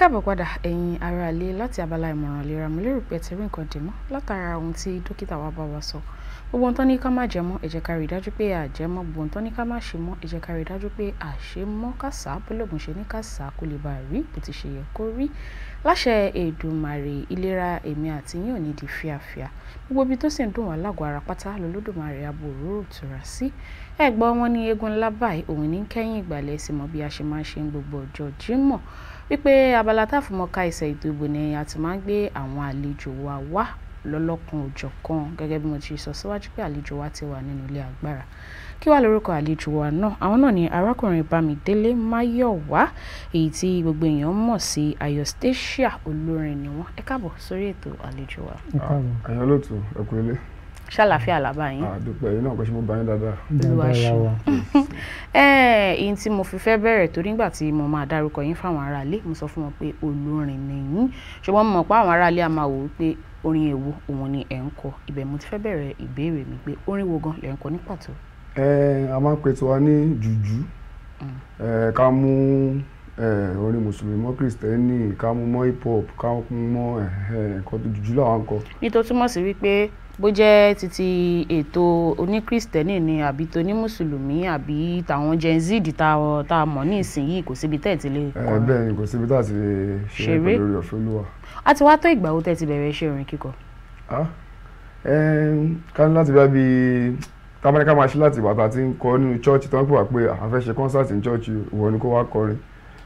káàbọ̀ padà ẹ̀yin aráalé láti abala ìmọ̀ràn ìlera mo lérò pé ẹ ti rí nǹkan dè mọ́ látara ohun tí dókítà wa bá wa sọ gbogbo ohun tó ní ká má jẹ mọ́ ẹ jẹ́ ká rí i dájú pé à jẹ mọ́ gbogbo ohun tó ní ká má ṣe mọ́ ẹ jẹ́ ká rí i dájú pé à ṣe mọ́ ká sá bólógùn ṣe ní ká sá kó lè bá rí bó ti ṣe yẹ kó rí láṣẹ Èdùmàrè ìlera èmi àti yín ò ní di fíafíà gbogbo ibi tó sì ń dùn wá lágọ̀ọ́ ara pátá lolódùmarè abo òróró tura sí ẹ̀gbọ́n wọn ní eégún ńlá òun ní kẹ́yìn ìgbàlẹ̀ sì mọ bí a ṣe máa ṣe gbogbo ọjọ́ Jímọ̀ wípé abala tá a fi mọ̀ ká ìdìbò ni a ti máa ń gbé àwọn àlejò wa wá lọ́lọ́kan òjọ̀ kan gẹ́gẹ́ bí mo ti sọ síwájú pé àlejò wa ti wà nínú ilé agbára kí wàá lórúkọ àlejò wa náà àwọn náà ni arákùnrin Bámidélé Máyọ̀wá èyí tí gbogbo èèyàn mọ̀ sí Ayostasia olórin ni wọ́n ẹ káàbọ̀ sórí ètò àlejò wa. ẹ káàbọ̀ àyálòtú ṣàlàfíà làbá yín. àdúpẹ́ yìí náà pé ṣe mo bá yín dáadáa. olúwa ṣùgbọ́n ẹ̀ẹ́n tí mo fi fẹ́ bẹ̀rẹ̀ torí nígbà tí mo máa dárúkọ yín fáwọn aráalé mo sọ fún wọn pé olórin ni yín ṣùgbọ́n mo mọ̀ pé àwọn aráalé a máa wò ó pé orin èwo òun ni ẹ̀ ń kọ ibẹ̀ mo ti fẹ́ bẹ̀rẹ̀ ìbéèrè mi pé orin wo gan lẹ̀ ń kọ ní pàtó. ẹ a máa ń pe tiwa ní jùjú mm. ká mú orin mùsùlùmí mọ́ kristẹni ká mú mọ́ hip hop ká mú mọ́ nǹkan jùjú làwọn kọ. nítorí túmọ̀ sí wípé bó jẹ́ títí ètò oníkrìstẹ́nì ni àbí tóní mùsùlùmí àbí tàwọn gen z tá a mọ̀ ní ìsinyìí kò síbi tẹ́ ẹ̀ ti lè kọ́ eh, ẹ bẹ́ẹ̀ ni kò síbi tá a ti lè ṣe é pẹ̀lú ọ̀fẹ́ olúwa. a ti wá tó ìgbà wo tẹ́ ti bẹ̀rẹ̀ iṣẹ́ orin kíkọ. Ah, eh, ká ní láti bá bí tamẹ́ríkà máa ṣe láti ìbàtà tí ń kọ nínú chọ́ọ̀chì tó ń pè wá pé a fẹ́ ṣe kọ́nsáàtì ní chọ́ọ̀chì ìwọ ni kó wá kọrin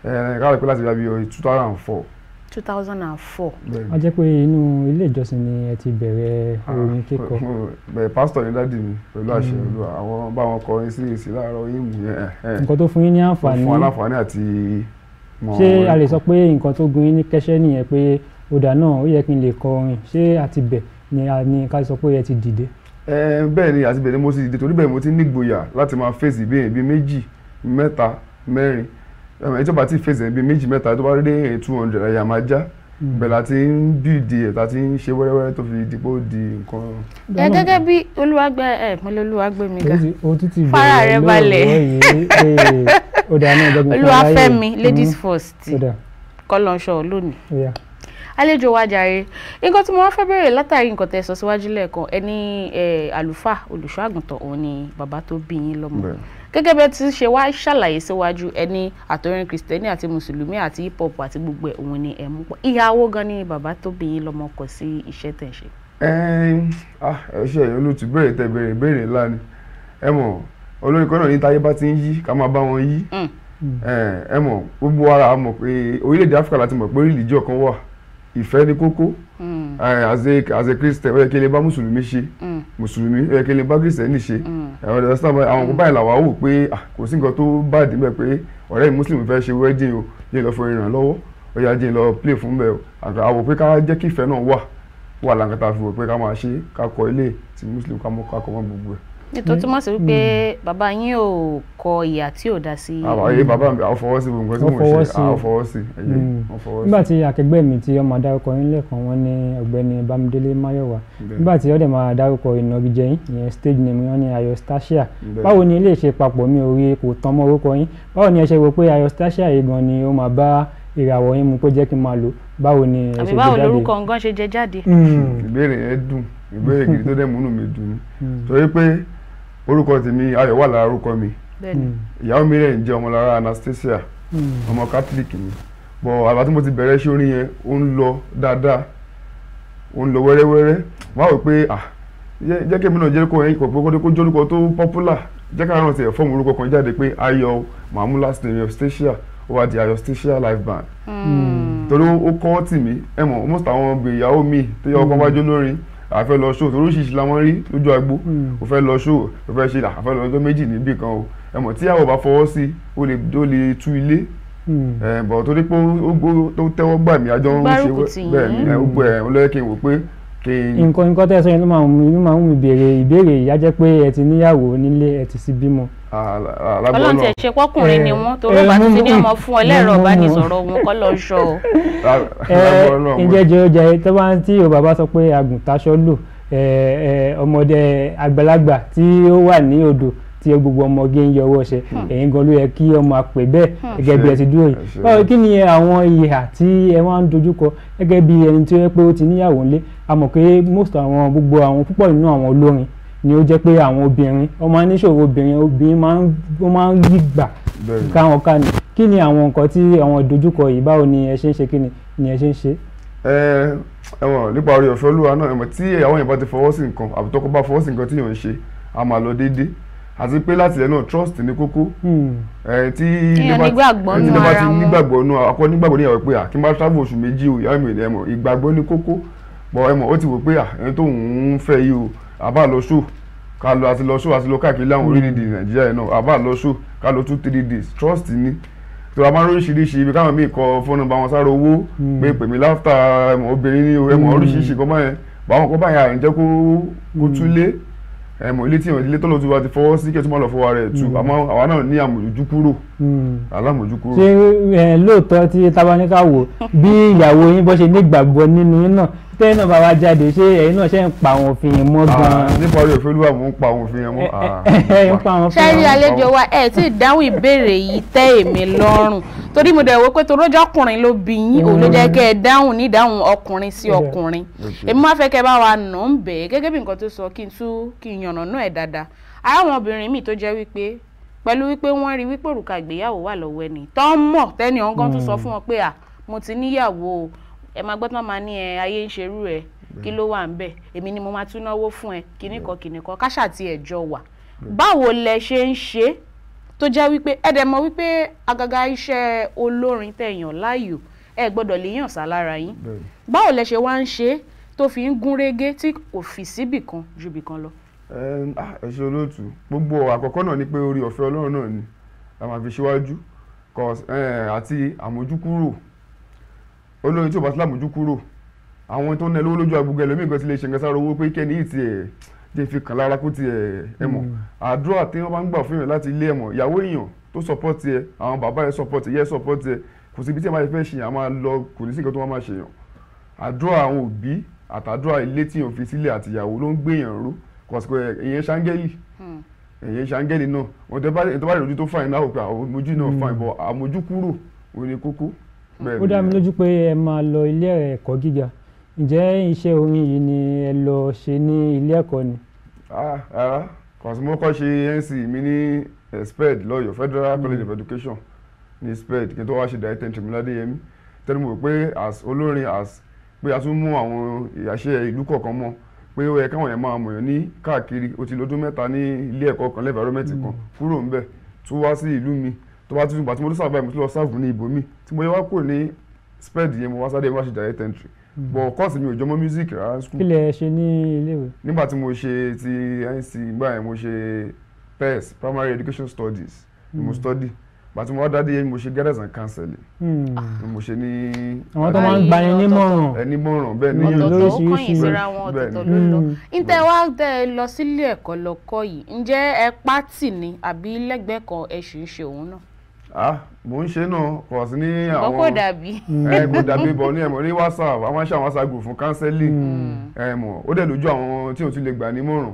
eh, ká lè pé láti bá bí two thousand and four two thousand and four. a jẹ́ pé inú ilé ìjọsìn ni ẹ ti bẹ̀rẹ̀ ah, orin kíkọ. bẹ̀rẹ̀ pásítọ̀ ní dádì mi pẹ̀lú hmm. àṣẹ olúwa àwọn bá wọn kọrin sí èsì láàárọ̀ yìí mú yẹn. nǹkan tó fún yín ní àǹfààní. fún aláǹfààní àti. ṣé a lè sọ pé nǹkan tó gun yín ní kẹ́sẹ́ nìyẹn pé ọ̀dà náà ó yẹ kí n lè kọrin ṣé àti bẹ̀ ni a ní ká sọ pé ẹ ti dìde. bẹ́ẹ̀ ni àti bẹ̀ ni mo ti dìde torí bẹ́ẹ̀ mo ti nígboyà láti máa fèsì bíi ẹ tó bá ti fèsì ẹbí méjì mẹ́ta tó bá rí two hundred ẹ̀yà máa já hmm. bẹ̀rẹ̀ àti ń bíìdì ẹ̀ tàti ń ṣe wẹ́rẹ́wẹ́rẹ́ tó fi dìpọ̀ di nǹkan. ẹ gẹ́gẹ́ bí olúwàgbẹ́ ẹ̀ mọ́lẹ́ olúwàgbẹ́ mi ga fara rẹ balẹ̀ olúwàfẹ́mi ladies first hmm. kọ́lọ́ńṣọ́ lónìí àlejò wa jàre nǹkan tí mo wá fẹ́ bèrè látàrí nǹkan tẹ́ sọ síwájú lẹ́ẹ̀kan ẹni àlùfáà olùṣọ́ àgùntàn òun ni bàbá tó bí yín lọ́mọ gẹ́gẹ́ bẹ́ẹ̀ ti ṣe wá ṣàlàyé síwájú ẹni àtọ́rin kìrìsìtẹ́nì àti mùsùlùmí àti hip hop àti gbogbo ẹ̀ òun ni ẹ̀ mú pọ̀ ìyàwó gan ni bàbá tó bí yín lọ́mọ kọ̀ sí iṣẹ́ tẹ̀ ṣe. Ah, ẹ ṣe olùtú béèrè tẹ béèrè béèrè ńlá ni ẹ mọ̀ olórin kan náà ní táyé bá ti ń yí ká máa bá wọn yí mm. ẹ mọ̀ gbogbo ara mọ̀ pé orílẹ̀-èdè Áfíríkà láti mọ̀ pé orílẹ̀-èdè kan wà ìfẹ́ ni kókó mm. eh, as a as a christian ó yẹ kí lè bá mùsùlùmí ṣe mm. mùsùlùmí ó yẹ kí lè bá christian ṣe mm. àwọn ọ̀dọ̀ sábà àwọn kò báyìí làwa wò pé kò sí nǹkan tó bá dìbẹ̀ pé ọ̀rẹ́ mi mùsùlùmí fẹ́ ṣe wedding o jẹ́ lọ fún ìràn lọ́wọ́ ó yà jẹ́ lọ play fún bẹ́ẹ̀ àgbà àwò pé ká jẹ́ kí ìfẹ́ náà wà wà láǹkàtà fi wò pé ká máa ṣe ká kọ́ ilé ti mùsùlùmí ká mọ́ ká kọ́ mọ́ gbogbo ẹ̀ nítorí tí wọ́n sì wípé hmm. bàbá yín ò kọ ìyà tí ò dá sí. àyè bàbá mi àwọn fọwọ́ sí gbogbo nǹkan tí mò ń ṣe àwọn fọwọ́ sí. nígbà tí akẹgbẹ́ mi tí ọmọ dárúkọ yín lẹ́ẹ̀kan wọn ní ọ̀gbẹ́ni Bámidélé Máyọ̀wá nígbà tí ọ̀dẹ̀ máa dárúkọ ìnagijẹ yín ìyẹn stage name wọn ní Ayostacia báwo ni ilé ìṣe papọ̀ mi ò rí kò tán mọ́ orúkọ yín báwo ni ẹ ṣe rò pé Ayostacia yìí gan ni ó máa bá ìràwọ̀ yín mu kó jẹ́ kí n máa lò báwo ni ẹ ṣe jẹ jáde àbí báwo lorúkọ nǹkan ṣe jẹ jáde. Hmm. ìbéèrè yẹn dùn ìbéèrè gidi tó dẹ̀ múnú mi dùn hmm. torí pé orúkọ tèmi ayọ̀ wà lára orúkọ mi hmm. ìyàwó mi rẹ̀ ń jẹ́ ọmọ lára anastasia hmm. ọmọ catholic ni bọ̀ àbá tí mo ti bẹ̀rẹ̀ sí orin yẹn ó ń lọ dáadáa ó ń lọ wẹ́rẹ́wẹ́rẹ́ wá wò pé ah jẹ́ kí èmi náà jẹ́ kó ẹyin kò pé kó jẹ́ tó popular jẹ́ ká rántí ẹ̀ fọ́ọ̀mù orúkọ kan jáde pé ayọ̀ mahmoud last name eustacia ó wá di ayọ̀ eustacia live band hmm. torí ó kọ́ tì mí ẹ mọ̀ almost àwọn ìyàwó mi tó yẹ ọkọ̀ wájú lórin a fẹ́ lọ ṣó oríṣiríṣi la wọ́n rí lójú agbo hmm. o fẹ́ lọ ṣó o fẹ́ ṣe a fẹ́ lọ ọjọ́ méjì níbì kan o ẹ mọ̀ tí àwọn bá fọwọ́ sí o lè o lè tú ilé hmm. ẹ bọ̀ torí pé ó tẹ́wọ́ gbà mí àjọ ń ṣe bẹ́ẹ̀ ni ó gbọ́ ẹ̀ ọlọ́yẹ̀kẹ́ wò pé nǹkan nǹkan tẹ́ ẹ sọ yẹn ló máa ń inú máa ń mú ìbéèrè ìbéèrè ìyá jẹ́ pé ẹ ti níyàwó nílé ẹ ti sì bímọ. ọlọ́run ti ẹ̀ṣẹ̀ pọ́kùnrin ni wọ́n torí bá ti ti ní ọmọ fún ọ lẹ́rọ ìbánisọ̀rọ̀ wọn kọ́ lọ sọ o. ǹjẹ́ jẹ́ ọjà tó bá ń tí o bàbá sọ pé àgùntàṣọ́ lò ọmọdé àgbàlagbà tí ó wà ní odò tí gbogbo ọmọge ń yọ ọwọ́ ṣe hmm. ẹ̀yin gan ló yẹ kí ọmọ àpè bẹ́ẹ̀ hmm. gẹ́gẹ́ bí ẹ ti dúró yìí kí ni àwọn ìhà tí ẹ máa ń dojúkọ gẹ́gẹ́ bí ẹni tí ó yẹ pé ó ti níyàwó ńlé a pé most àwọn gbogbo àwọn púpọ̀ nínú àwọn olórin ni ó jẹ́ pé àwọn obìnrin ọmọ aníṣòwò obìnrin obìnrin máa ń yí gbà káwọn ká ni kí ni àwọn nǹkan tí àwọn ìdojúkọ yìí báwo ni ẹ ṣe ń ṣe kí ni ẹ ṣe ń ṣe ẹwọn nípa orí ọ̀fẹ́ olúwa náà ẹ̀mọ̀ tí àwọn èèyàn bá ti fọwọ́ sí nǹkan àbùtọ́kọ́ bá fọwọ́ sí nǹkan tí yóò ń ṣe a máa lọ déédéé àti pé láti ẹ̀ náà trust ní kókó hmm. tí ilé bá ti nígbàgbọ́ nù akọ nígbàgbọ́ níyàwó pé à kí n bá travel oṣù méjì o ìyá mi ò ní ẹ̀mọ̀ ìgbàgbọ́ ní kókó bọ̀ ẹ̀mọ̀ ó ti wò pé à ẹni tó ń fẹ́ yìí o àbá lọ show ká lọ àti lọ show àti lọ káàkiri láwọn hmm. orílẹ̀-èdè nàìjíríà yẹn náà àbá lọ show ká lọ two three days trust ni tí wàá máa ń oríṣiríṣi ibi káwọn míì kọ fọ́nà bá wọn sára owó hmm. pé pèmí láfta ẹ̀mọ̀ obìnrin ní ẹ̀mọ̀ oríṣiríṣi kọ́ báyẹn báwọn kọ́ báyẹn àrùn jẹ́ kó túlé ẹ mọ̀ ilé tí ilé tó lọ ti wá ti fọwọ́ sí kẹ́tùmọ́ lọ fọwọ́ rẹ̀ tu hmm. àmọ́ àwa náà ní àmójú kúrò hmm. alámójú kúrò. ṣé lóòótọ́ tí tabaníkà wò bí ìyàwó yín bó ṣe nígbàgbọ́ nínú yín náà tẹ́yìn náà bá wá jáde ṣé ẹ̀yin náà ṣe ń pa àwọn òfin yẹn mọ́ ah, gan-an. nípa orí òfin olúwa mò ń pa àwọn òfin yẹn mọ́. ẹ eh, ah, eh, eh, ń pa àwọn òfin yẹn mọ́. ṣáà rí àlejò wa ẹ tí ìdáhùn ìbéèrè yìí tẹ́ èmi lọ́rùn torí mo dẹ̀ wò pé torójọ́ ọkùnrin ló bí yín ò ló jẹ́ kẹ́ ẹ dáhùn ní ìdáhùn ọkùnrin sí ọkùnrin èmi máa fẹ́ kẹ́ bá wa nà ń bẹ̀ gẹ́gẹ́ bí nǹkan tó sọ kí n tú kí n yànnà náà ẹ̀ dáadáa àwọn obìnrin míì tó jẹ́ wípé pẹ̀lú wípé wọ́n rí wípé òrùka ìgbéyàwó wà lọ́wọ́ ẹni hmm. o ẹ máa gbọ́ tí wọ́n máa ní ẹ ayé ń ṣerú ẹ kí ló wà ń bẹ̀ èmi ni mo máa tún náwó fún ẹ kìnnìkan kìnnìkan káṣà tí ẹ jọ wà báwo lẹ ṣe ń ṣe tó jẹ́ wípé ẹ dẹ̀ mọ̀ wípé àgàgà iṣẹ́ olórin tẹ̀yàn láàyò ẹ gbọ́dọ̀ lè yàn sá lára yín báwo lẹ ṣe wá ń ṣe tó fi ń gún régé tí kò fi síbì kan ju bì kan lọ. ẹ ṣe olóòtú gbogbo àkọ́kọ́ náà ni pé orí ọ̀fẹ́ ọlọ́run náà ni la ṣíwájú àti àmójúkúrò olórin tí ò bá ti lámùjú kúrò àwọn tó ń ná lówó lójú agbègbè ẹlòmíì kan ti lè ṣe nǹkan sára owó pé kẹ́ni yìí ti ẹ̀ jẹ́ fi kàn lára kó ti ẹ̀ ẹ̀ mọ̀ hmm. àdúrà tí wọ́n bá ń gbà fún yàn láti ilé ẹ̀ mọ̀ ìyàwó èèyàn tó sọpọ́ọ̀tì ẹ̀ àwọn bàbá ẹ̀ sọpọ́ọ̀tì ẹ̀ sọpọ́ọ̀tì ẹ̀ kò sí ibi tí ẹ̀ máa fẹ́ ṣe yàn máa lọ kò ní sí nǹkan tó máa ṣe yàn àdúrà àwọn òbí àtàdúrà ilé tí yàn fi sílẹ̀ àtìyàwó ló ń gbé yàn ró kọ̀sìkò èèyàn ṣáńgẹ́lì èyí hmm. ṣàǹgẹ́lì náà wọn tó bá lè lójú tó fàìn náà hmm. òpè ó dá mi lójú pé ẹ máa lọ ilé ẹ̀kọ́ gíga ǹjẹ́ iṣẹ́ orin yìí ni ẹ lọ ṣe ní ilé ẹ̀kọ́ ni. rárá kàn sí mo kọ́ ṣe nc mi ní eh, sped lọ́yọ̀ọ́ federal hmm. college of education ní sped kí n tó wá ṣe dàí tẹ̀ntì múládé yẹmi tẹ́lẹ̀ mo rò pé as olórin as pé a tún mú àwọn ìyàṣẹ́ ìlú kọ̀ọ̀kan mọ́ pé ó yẹ káwọn yẹn máa mọ̀yàn ní káàkiri ó ti lọ́dún mẹ́ta ní ilé ẹ̀kọ́ kan lẹ́fẹ̀ẹ́ rọ́mẹ́tì kan hmm. kúrò ńbẹ̀ tún wá sí ìlú mi tó bá tún fi gbà tí mo tún sáà báyìí mo tún lọ sáàbù ní ibòmí tí mo yẹ wá kúrò ní sped yẹn mo wá sáré wá ṣe direct entry hmm. but course mi ò jọmọ́ music rárá school. kí lẹ ṣe ní iléèwé. nígbà tí mo ṣe ti NC gbà yẹn mo ṣe PES primary education studies ni mo hmm. study bàtí mo wá dáadé yẹn mo ṣe guidance and counseling. Hmm. Ah. ni mo ṣe ní. àwọn tó máa ń gba yẹn nímọ̀ràn. ẹ nímọ̀ràn bẹ́ẹ̀ ni yóò lọ sí kọ́yìn síra wọn ọ̀tọ̀ọ̀tọ̀ ló lọ. ntẹ wá tẹ ẹ lọ sílé ẹ̀kọ́ lọ́kọ́ yìí ǹjẹ́ ẹ pátì ni àbí lẹ́gbẹ̀ẹ́ kan ẹ ṣì ń ṣe òun náà ah mo ń ṣe náà kò sí ní àwọn kò dàbí ẹ eh, kò dàbí bọ ní ẹmọ ní whatsapp àwọn aṣáwọn aṣáàgùn fún counseling ẹmọ hmm. eh, ó dẹ̀ lójú àwọn tí o ti lè gbà nímọ̀ràn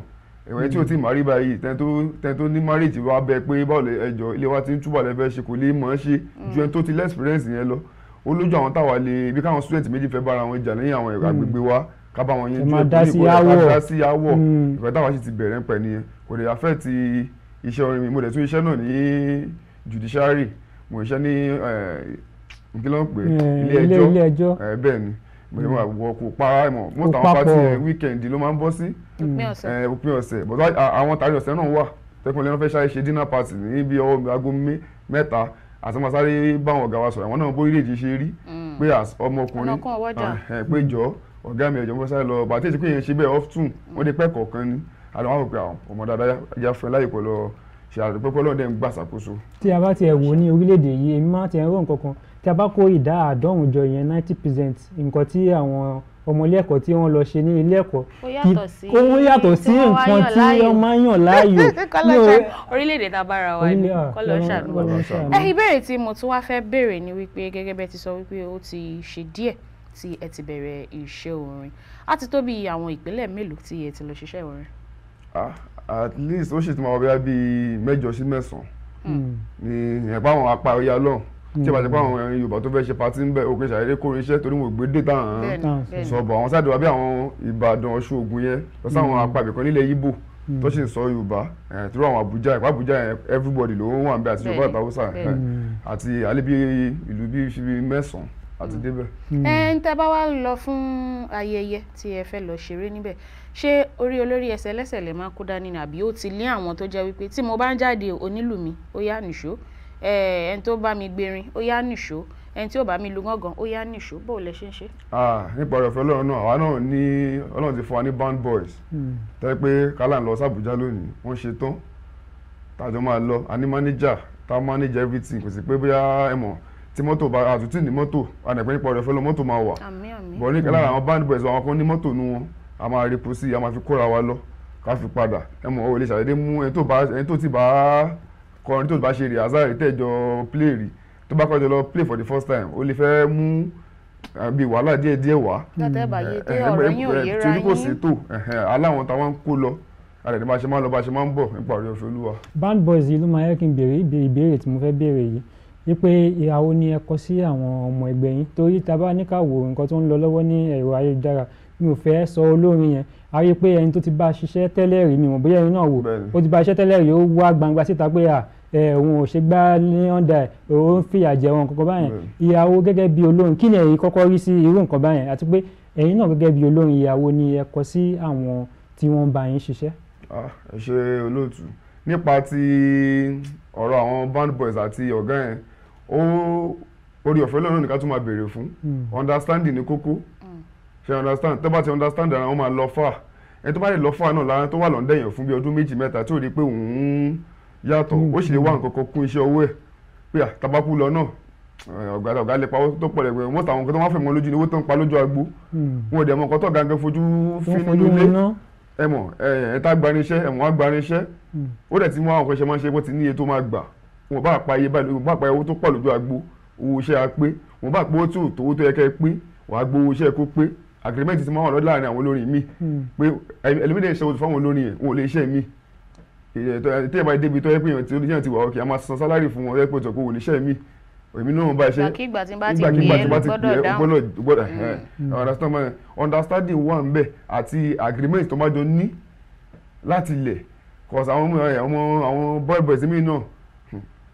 ẹ̀wọ̀n tí o ti máa rí báyìí tẹ́ tó ní marriage wa bẹ pé báwo lè ẹjọ́ ilé wa ti ń túbọ̀ lẹ́fẹ́ ṣe kò lè mọ̀ ọ́n ṣe hmm. ju ẹni tó ti lẹ́sìpírẹ́ǹsì yẹn lọ ó lójú àwọn táwa lè bí káwọn student méjì fẹ́ bára wọn jà lẹ́yìn àwọn hmm. agbègbè wa kábà wọn yẹn ju ẹ̀dá sí awọ̀ ìfẹ́ táwa sì ti bẹ̀rẹ̀ ń pẹ̀ kò lè affect iṣẹ́ orin mi mo dẹ̀ tún iṣẹ́ náà ní judiciary mo ṣiṣẹ́ ní kí ló ń pè ilé ẹjọ́ bẹ́ẹ̀ ni mo ṣe máa mm. wọ kò para mọ̀ most àwọn party weekend ló máa ń bọ́ sí òpin mm. ọ̀sẹ̀ but àwọn tàrí ọ̀sẹ̀ náà wà tẹkùnlé wọn fẹ́ ṣáré ṣe dinner party níbi ọwọ́ aago mẹ́ta àti máa sáré báwọn ọ̀gá wa sọ̀rọ̀ àwọn náà bóyá èdè ṣe rí mm. pé ọmọkùnrin pé jọ ọ̀gá mi ẹ̀jọ̀ mo sáré lọ bàtí èsì pé yẹn ṣe bẹ́ẹ̀ off tune wọ́n dé pẹ́ kọ̀ọ̀kan ni àdàwọn àwọn òpin àwọn ọmọ dáadáa yá fún ẹ láyè ṣe àdúpẹ́pẹ́ lọ́dẹ ń gbà ṣàkóso. tí a bá tiẹ̀ wò ní orílẹ̀-èdè yìí èmi máa tiẹ̀ ń rò nǹkan kan tí a bá kó ìdá àádọ́rùn jọ yẹn ninety percent nǹkan tí àwọn ọmọ ilé ẹ̀kọ́ tí wọ́n lọ ṣe ní ilé ẹ̀kọ́ ó yàtọ̀ sí nǹkan tí wọ́n máa ń yàn láàyò. orílẹ̀-èdè tá a bára wa ni kọ́lọ̀ ṣàdúrà. ẹ ìbéèrè tí mo tún wá fẹ́ béèrè ni wípé gẹ́gẹ́ bẹ́ẹ̀ ti sọ wípé ó ti ṣe díẹ̀ tí ẹ ti bẹ̀rẹ̀ iṣẹ́ orin á ti tó bí àwọn ìpínlẹ̀ mélòó tí ẹ ti lọ ṣiṣẹ́ orin. Ah, at least ó ṣe ti máa wọ bíi bíi mẹ́jọ sí mẹ́sàn-án hmm. ni ẹ̀pá àwọn apá ọ̀yà lọ́hùn tí ìbàjẹ́ pé hmm. àwọn Yorùbá tó fẹ́ ṣe patí ń bẹ òkè ṣàyẹ̀dẹ́ kórin iṣẹ́ torí wọn ò gbé dé tàn án sọ̀bọ̀ àwọn sáà dùwà bí àwọn Ìbàdàn Ọ̀ṣun Ògùn yẹn lọ sí àwọn hmm. apá ibìkan nílẹ̀ Ìgbò tó ṣì ń sọ Yorùbá eh, tó rọ àwọn Àbújá ìpá Àbújá yẹn everybody ló ń wà ń bẹ àti Yorùbá àti Haúsá àti àlébí ìlú bíi mẹ́sàn-án àti hmm. débẹ̀. Hmm. ẹ ń tẹ́ bá wá lọ fún ayẹyẹ tí ẹ fẹ́ lọ ṣeré níbẹ̀ ṣé orí olórí ẹsẹ̀ lẹ́sẹ̀ lè máa kó dání ni àbí ó ti lé àwọn tó jẹ́ wípé tí mo bá ń jáde onílù mi ó yá nìṣó ẹni tó bá mi gbérin ó yá nìṣó ẹni tí ó bá mi lu gángan ó yá nìṣó bó lẹ ṣe ń ṣe. nípa ọ̀rọ̀fẹ́ ọlọ́run náà àwa náà ní ọlọ́run ti fún wa ní band boys hmm. tẹ́ pé kálá ń lọ sàbújá lónìí wọ́n ṣe tán tájọ máa lọ a ní manager tá a manage everything kò sí pé bóyá ẹ mọ̀ tí mọ́tò bá àtúntì ní mọ́tò àdàpẹ́yìnpọ̀ rẹ̀ fẹ́lẹ́ mọ́tò máa wà bọ̀ ní kẹlẹ́ àwọn band boys àwọn kan ní mọ́tò nu wọn a máa repo sí i a máa fi kóra wa lọ ká fi padà ẹ mọ̀ ọ́ lè ṣàdédé mú ẹni tó ti bá kọrin tó ti bá ṣe rè azari tẹ́jọ play rè tó bá kọjọ lọ play for the first time ó lè fẹ́ mú bí wàhálà díẹ̀ díẹ̀ wá torí kò sí ọ̀rẹ́ òṣèlú wa. band boys yìí ló máa yẹ kí n béèrè ìbéèrè tí mo wípé ìhàwó ni ẹ kọ sí àwọn ọmọ ẹgbẹ́ yín torí tá a bá ní ká wo nǹkan tó ń lọ lọ́wọ́ ní ẹ̀rọ ayélujára mi ò fẹ́ sọ olórin yẹn a rí i pé ẹni tó ti bá a ṣiṣẹ́ tẹ́lẹ̀ rí mi mọ̀ bóyá ẹni náà wò ó ti bá a ṣiṣẹ́ tẹ́lẹ̀ rí ó wá gbangba síta pé à òun ò ṣe gbá léọ́ndà ẹ̀ òun fìyà jẹ wọn kọ́kọ́ báyẹn ìyàwó gẹ́gẹ́ bí olórin kí ni ẹ̀yin kọ́kọ́ rí sí irú nǹkan báyẹn àti pé ẹ̀yin náà gẹ́gẹ́ bí olórin ìyàwó ni ẹ kọ sí àwọn tí wọ́n bá yín ṣiṣẹ́. ẹ ṣe olóòtú nípa ti ọ̀rọ̀ àwọn band boys àti ọ̀gá yẹn ó orí ọ̀fẹ́ lọ́nà nìkan tún máa béèrè fún hmm. understanding ni kókó hmm. ṣe understand tó bá ti understand ara wọn máa lọ fà ẹni tó bá lè lọ fà náà lára tó wà lọ́ndẹ̀ yẹn fún bí ọdún méjì mẹ́ta tí ò rí pé òun yàtọ̀ hmm. ó sì lè wá nǹkan kan kún iṣẹ́ owó ẹ̀ pé àtàbákú lọ náà eh, ọ̀gá ọ̀gá lè pa owó tó pọ̀ lẹ́gbẹ̀ẹ́ wọ́n tàwọn nǹkan tó wọ́n fẹ́ mọ lójú ni owó tó ń pa lójú agbo wọn ò dẹ̀ mọ nǹkan tó gangan fojú fínú lólé ẹ mọ̀ ẹ̀ eh, ẹ̀ gbaniṣẹ́ ẹ̀ wá gbaniṣẹ́ ó dẹ̀ ti mú àwọn nǹkan ṣe máa ń ṣe bó ti níye tó máa gbà wọn bá pa iye báyìí wọn bá pa owó tó pọ̀ lójú agbo owó iṣẹ́ a pé wọn bá pa owó tó tó owó tó yẹ kẹ́ pé wọn á gbọ́ owó iṣẹ́ kó pé agreement ti máa wà lọ́dọ̀ láàrin àwọn olórin mi hmm. pé ẹlẹ́mìnira ìṣẹ́ òtún fáwọn olórin yẹn wọn ò lè iṣẹ́ mi tẹ́yẹ̀ bá débi tó yẹ pé èèyàn ti wà ọkẹ́ a máa san sálárì fún wọn ẹ pé òtún ò lè iṣẹ́ mi èmi náà bá ṣe ìgbàkígbà tí bá ti bí ẹ gbọ́dọ̀ dáhùn hmm. understanding wà ń bẹ àti agreement tó bá jọ ní láti ilẹ̀ cause àwọn ọmọ àwọn boy boys mi náà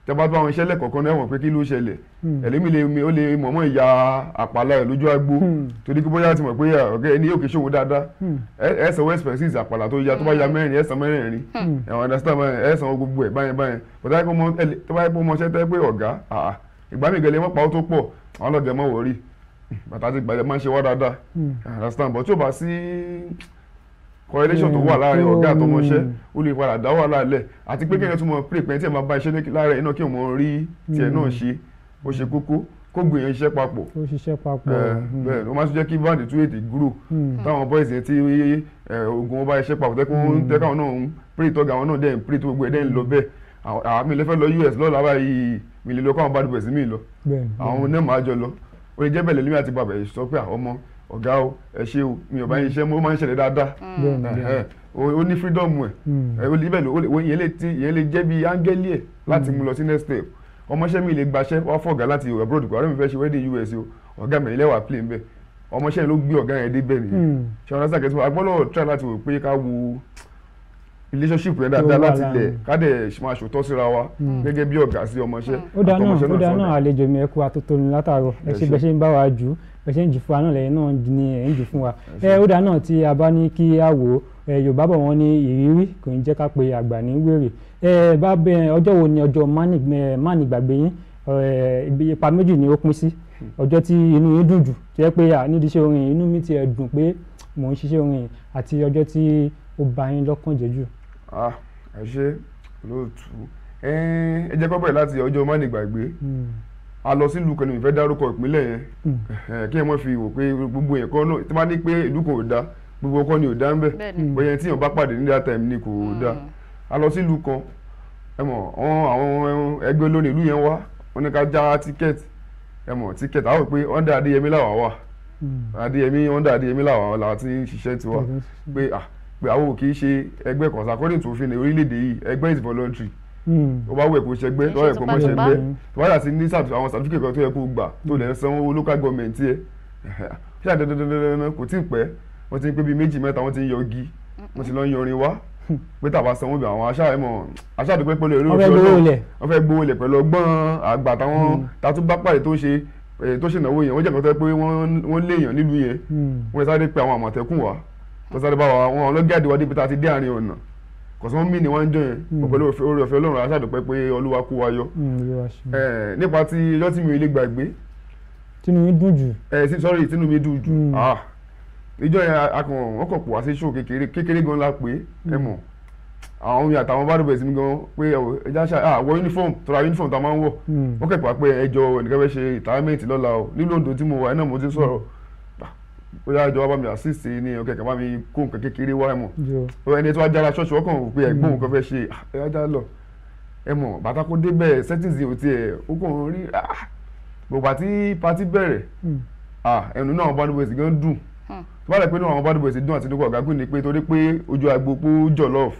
tẹ́bá bá àwọn iṣẹ́ lẹ́kọ̀ọ́kan náà wọ̀n pé kí ló ṣẹlẹ̀ hmm. ẹ̀lẹ́mì lè ó lè mọ̀mọ́ ìyá àpàlà ẹ̀ lójú agbo hmm. torí pé bóyá ti mọ̀ pé ah, ọ̀gá ẹni yóò kì í ṣòwò dáadáa hmm. ẹ san west pẹ̀sìs àpàlà tó ya tó bá ya mẹ́rin ẹ san mẹ́rin ẹ̀wọ̀n understand báyẹn ẹ san gbogbo ẹ̀ báyẹn báyẹn bọ̀dá tẹ́bá yẹ pé ọmọ ṣẹ́ tẹ́ pé ọ̀gá ìgbà mi gẹ̀lẹ́ mọ́pa ó tó pọ̀ àwọn ọlọ́gẹ̀ mọ́ wọ̀rí bàtà ti gbàlẹ̀ máa ń ṣe wá dáadáa understand bọ̀ tí ò bá sí correlation tó wà láàrin ọ̀gá àtọmọṣẹ́ ó lè padà dá wàhálà lẹ̀ àti pé kéèyàn tún mọ pé ìpẹ́ntì ẹ̀ máa bá iṣẹ́ lára ẹ̀ náà kí òun rí tiẹ̀ náà ṣe ó ṣe kókó kó gbìyànjú iṣẹ́ papọ̀ ó ṣiṣẹ́ papọ̀ bẹ́ẹ̀ ló máa ń jẹ́ kí báńdì tún ètè grow hmm. táwọn boys yẹn tí ogun wọn bá iṣẹ́ papọ̀ tẹ́kọ̀ ń hmm. tẹ́kọ̀ àwọn náà ń pray tọ́ga àwọn náà dẹ́n pray tó gbogbo ẹ̀ dẹ́n lọ bẹ́ẹ̀ àwọn mi lè fẹ́ lọ US lọ́la báyìí mi lè lọ kó àwọn bad boys mi lọ àwọn náà máa jọ lọ ó lè jẹ́ bẹ́ẹ̀ lẹ́lẹ́mí àti bàbá ẹ̀ sọ pé àwọn ọmọ ọ̀gá o ẹ ṣe o mi ò bá yín ṣe mo máa ń ṣẹlẹ̀ dáadáa ó mm. ní freedom ẹ̀ ó mm. libẹ̀ ìyẹn lè jẹ́ bí áńgẹ́lì ẹ̀ láti mm. mú lọ sí next step ọmọọṣẹ́ mi lè gbaṣẹ́ wá fọ̀gá láti abroad kò àrùn mi fẹ́ ṣe wedding US o ọ̀gá mi lẹ́wà play ń bẹ̀ ọmọọṣẹ́ mi ló gbé ọ̀gá yẹn dé bẹ́ẹ̀ nìyẹn ṣé ọ̀nà sàkẹ́sì wa gbọ́dọ̀ try láti wò pé ká wo relationship rẹ dáadáa láti lẹ kádẹ máa ṣòótọ́ síra wa hmm. gẹ́gẹ́ bí ọ̀gá sí ọmọọṣẹ́ àtọmọṣẹ́ náà sọdẹ. ó dáná àlejò mi ẹ kú atótó ni látàárọ̀ ẹ ṣe bẹ ṣe ń bá wa jù bẹ ṣe ń jù fún wa náà lẹ́yìn náà ni ẹ ń jù fún wa ẹ ó dáná tí a bá ní kí á wò ó yorùbá bọ̀ wọ́n ní ìrírí kò ní jẹ́ ká pe àgbà ní wèrè bá bẹ ọjọ́ wo ni ọjọ́ mánigbàgbé yín ipa méjì ni ó pín sí hmm. ọjọ́ tí inú yín dùn jù tó pé nídìí iṣẹ́ orin inú mi ti ẹ̀ dùn pé mò ń ṣiṣẹ́ orin àti ọjọ́ tí ó bà yín lọ́kàn jẹ́ ah ẹ ṣe lóòtú ẹ jẹ́ kọ́ bẹ̀rẹ̀ láti ọjọ́ mọ́ni gbàgbé hmm. a lọ sí ìlú kan ní ìfẹ́ dárúkọ ìpínlẹ̀ yẹn hmm. kí ẹ mọ̀ fi wò pé gbogbo yẹn kọ́ náà tí wọ́n bá ní pé ìlú kan ò da gbogbo kan ni ò da ń bẹ̀ hmm. bóyá tí yẹn bá pàdé ní that time ni kò da a lọ sí ìlú kan ẹ mọ̀ àwọn ẹgbẹ́ olórin ìlú yẹn wá wọ́n ní ká já tíkẹ́ẹ̀tì ẹ mọ̀ tíkẹ́ẹ̀tì àwọn pé ọ̀ndà adéyẹmí làwà wà adéyẹmí ọ̀ndà adéyẹmí làwà wà láti ṣiṣẹ́ tiwa pé ah pé àwọn ò kì í ṣe ẹgbẹ́ kan according to òfin orílẹ̀-èdè yìí ẹgbẹ́ is voluntary hmm. ó bá wù ẹ̀kọ́ ṣẹgbẹ́ lọ́wọ́ ẹ̀kọ́ mọ́ ṣẹgbẹ́ tó bá yà sí ní àwọn certificate kan tó yẹ kó gbà tó lè sanwó local government yẹ ṣé àdẹ́dẹ́dẹ́dẹ́dẹ́ kò tí ì pẹ́ wọ́n ti ń pé bíi méjì mẹ́ta wọ́n ti ń yọgi wọ́n ti lọ ń yọrin wá pé tàbá sanwó bí àwọn aṣáà ẹ̀mọ́ aṣáà tó pé pẹ̀lú èrè òfin ọlọ́run wọ́n fẹ́ gbowó lẹ̀ pẹ̀lú ọgbọ́n àgbà táwọn hmm. tatúbá pàdé tó ń ṣe eh, tó ṣèlú owó wọ́n sáré bá wa wọn ló gáàdì wa débi tá a ti dé àárín ọ̀nà kọ̀sán wọn mí ni wọ́n ń jọyìn ọ̀pẹ̀lú hmm. orí ọ̀fẹ́ ọlọ́run aṣáàdùpẹ́ pé olúwa kó wa yọ hmm, eh, nípa ti ọjọ́ tí mi ò lè gbàgbé. tínú mi dùn jù. ẹ eh, sí sọ́rí tínú mi dùn jù ìjọ hmm. ah, yẹn akàn wọn kàn pọ̀ wá sí ṣó kékeré kékeré gan la pé ẹ mọ̀ àwọn mi àtàwọn bá dùbẹ̀ sí mi gan pé ẹja ṣá à ah, wọ uniform tọ́ra uniform tá a máa ń wọ̀ wọ́n kẹ̀pọ̀ pé ẹjọ́ ẹnìkan fẹ́ ṣe retirement lọ́la o nílò òǹdó tí mo wà ẹ̀ náà mo ti sọ̀rọ̀ bóyá ìjọba bá mi assist ní ọkẹ kan bá mi kó nǹkan kékeré wá mọ ẹni tó wá jára ṣọ́ọ̀ṣì ọkàn òpin ẹ̀gbọ́n hmm. nǹkan fẹ́ ṣe ah, ẹ wá já lọ ẹ mọ̀ bàtà kó débẹ̀ settings ò tiẹ̀ ó kàn rí ah, ah. bòbá tí party bẹ̀rẹ̀ hmm. ẹnu náà àwọn bad boys gan dùn hmm. tó bá rẹ̀ pé náà àwọn bad boys dùn àti nípa ọ̀gágun ni pé torí pé ojú agbo pé ó jọ̀lọ́ọ̀fù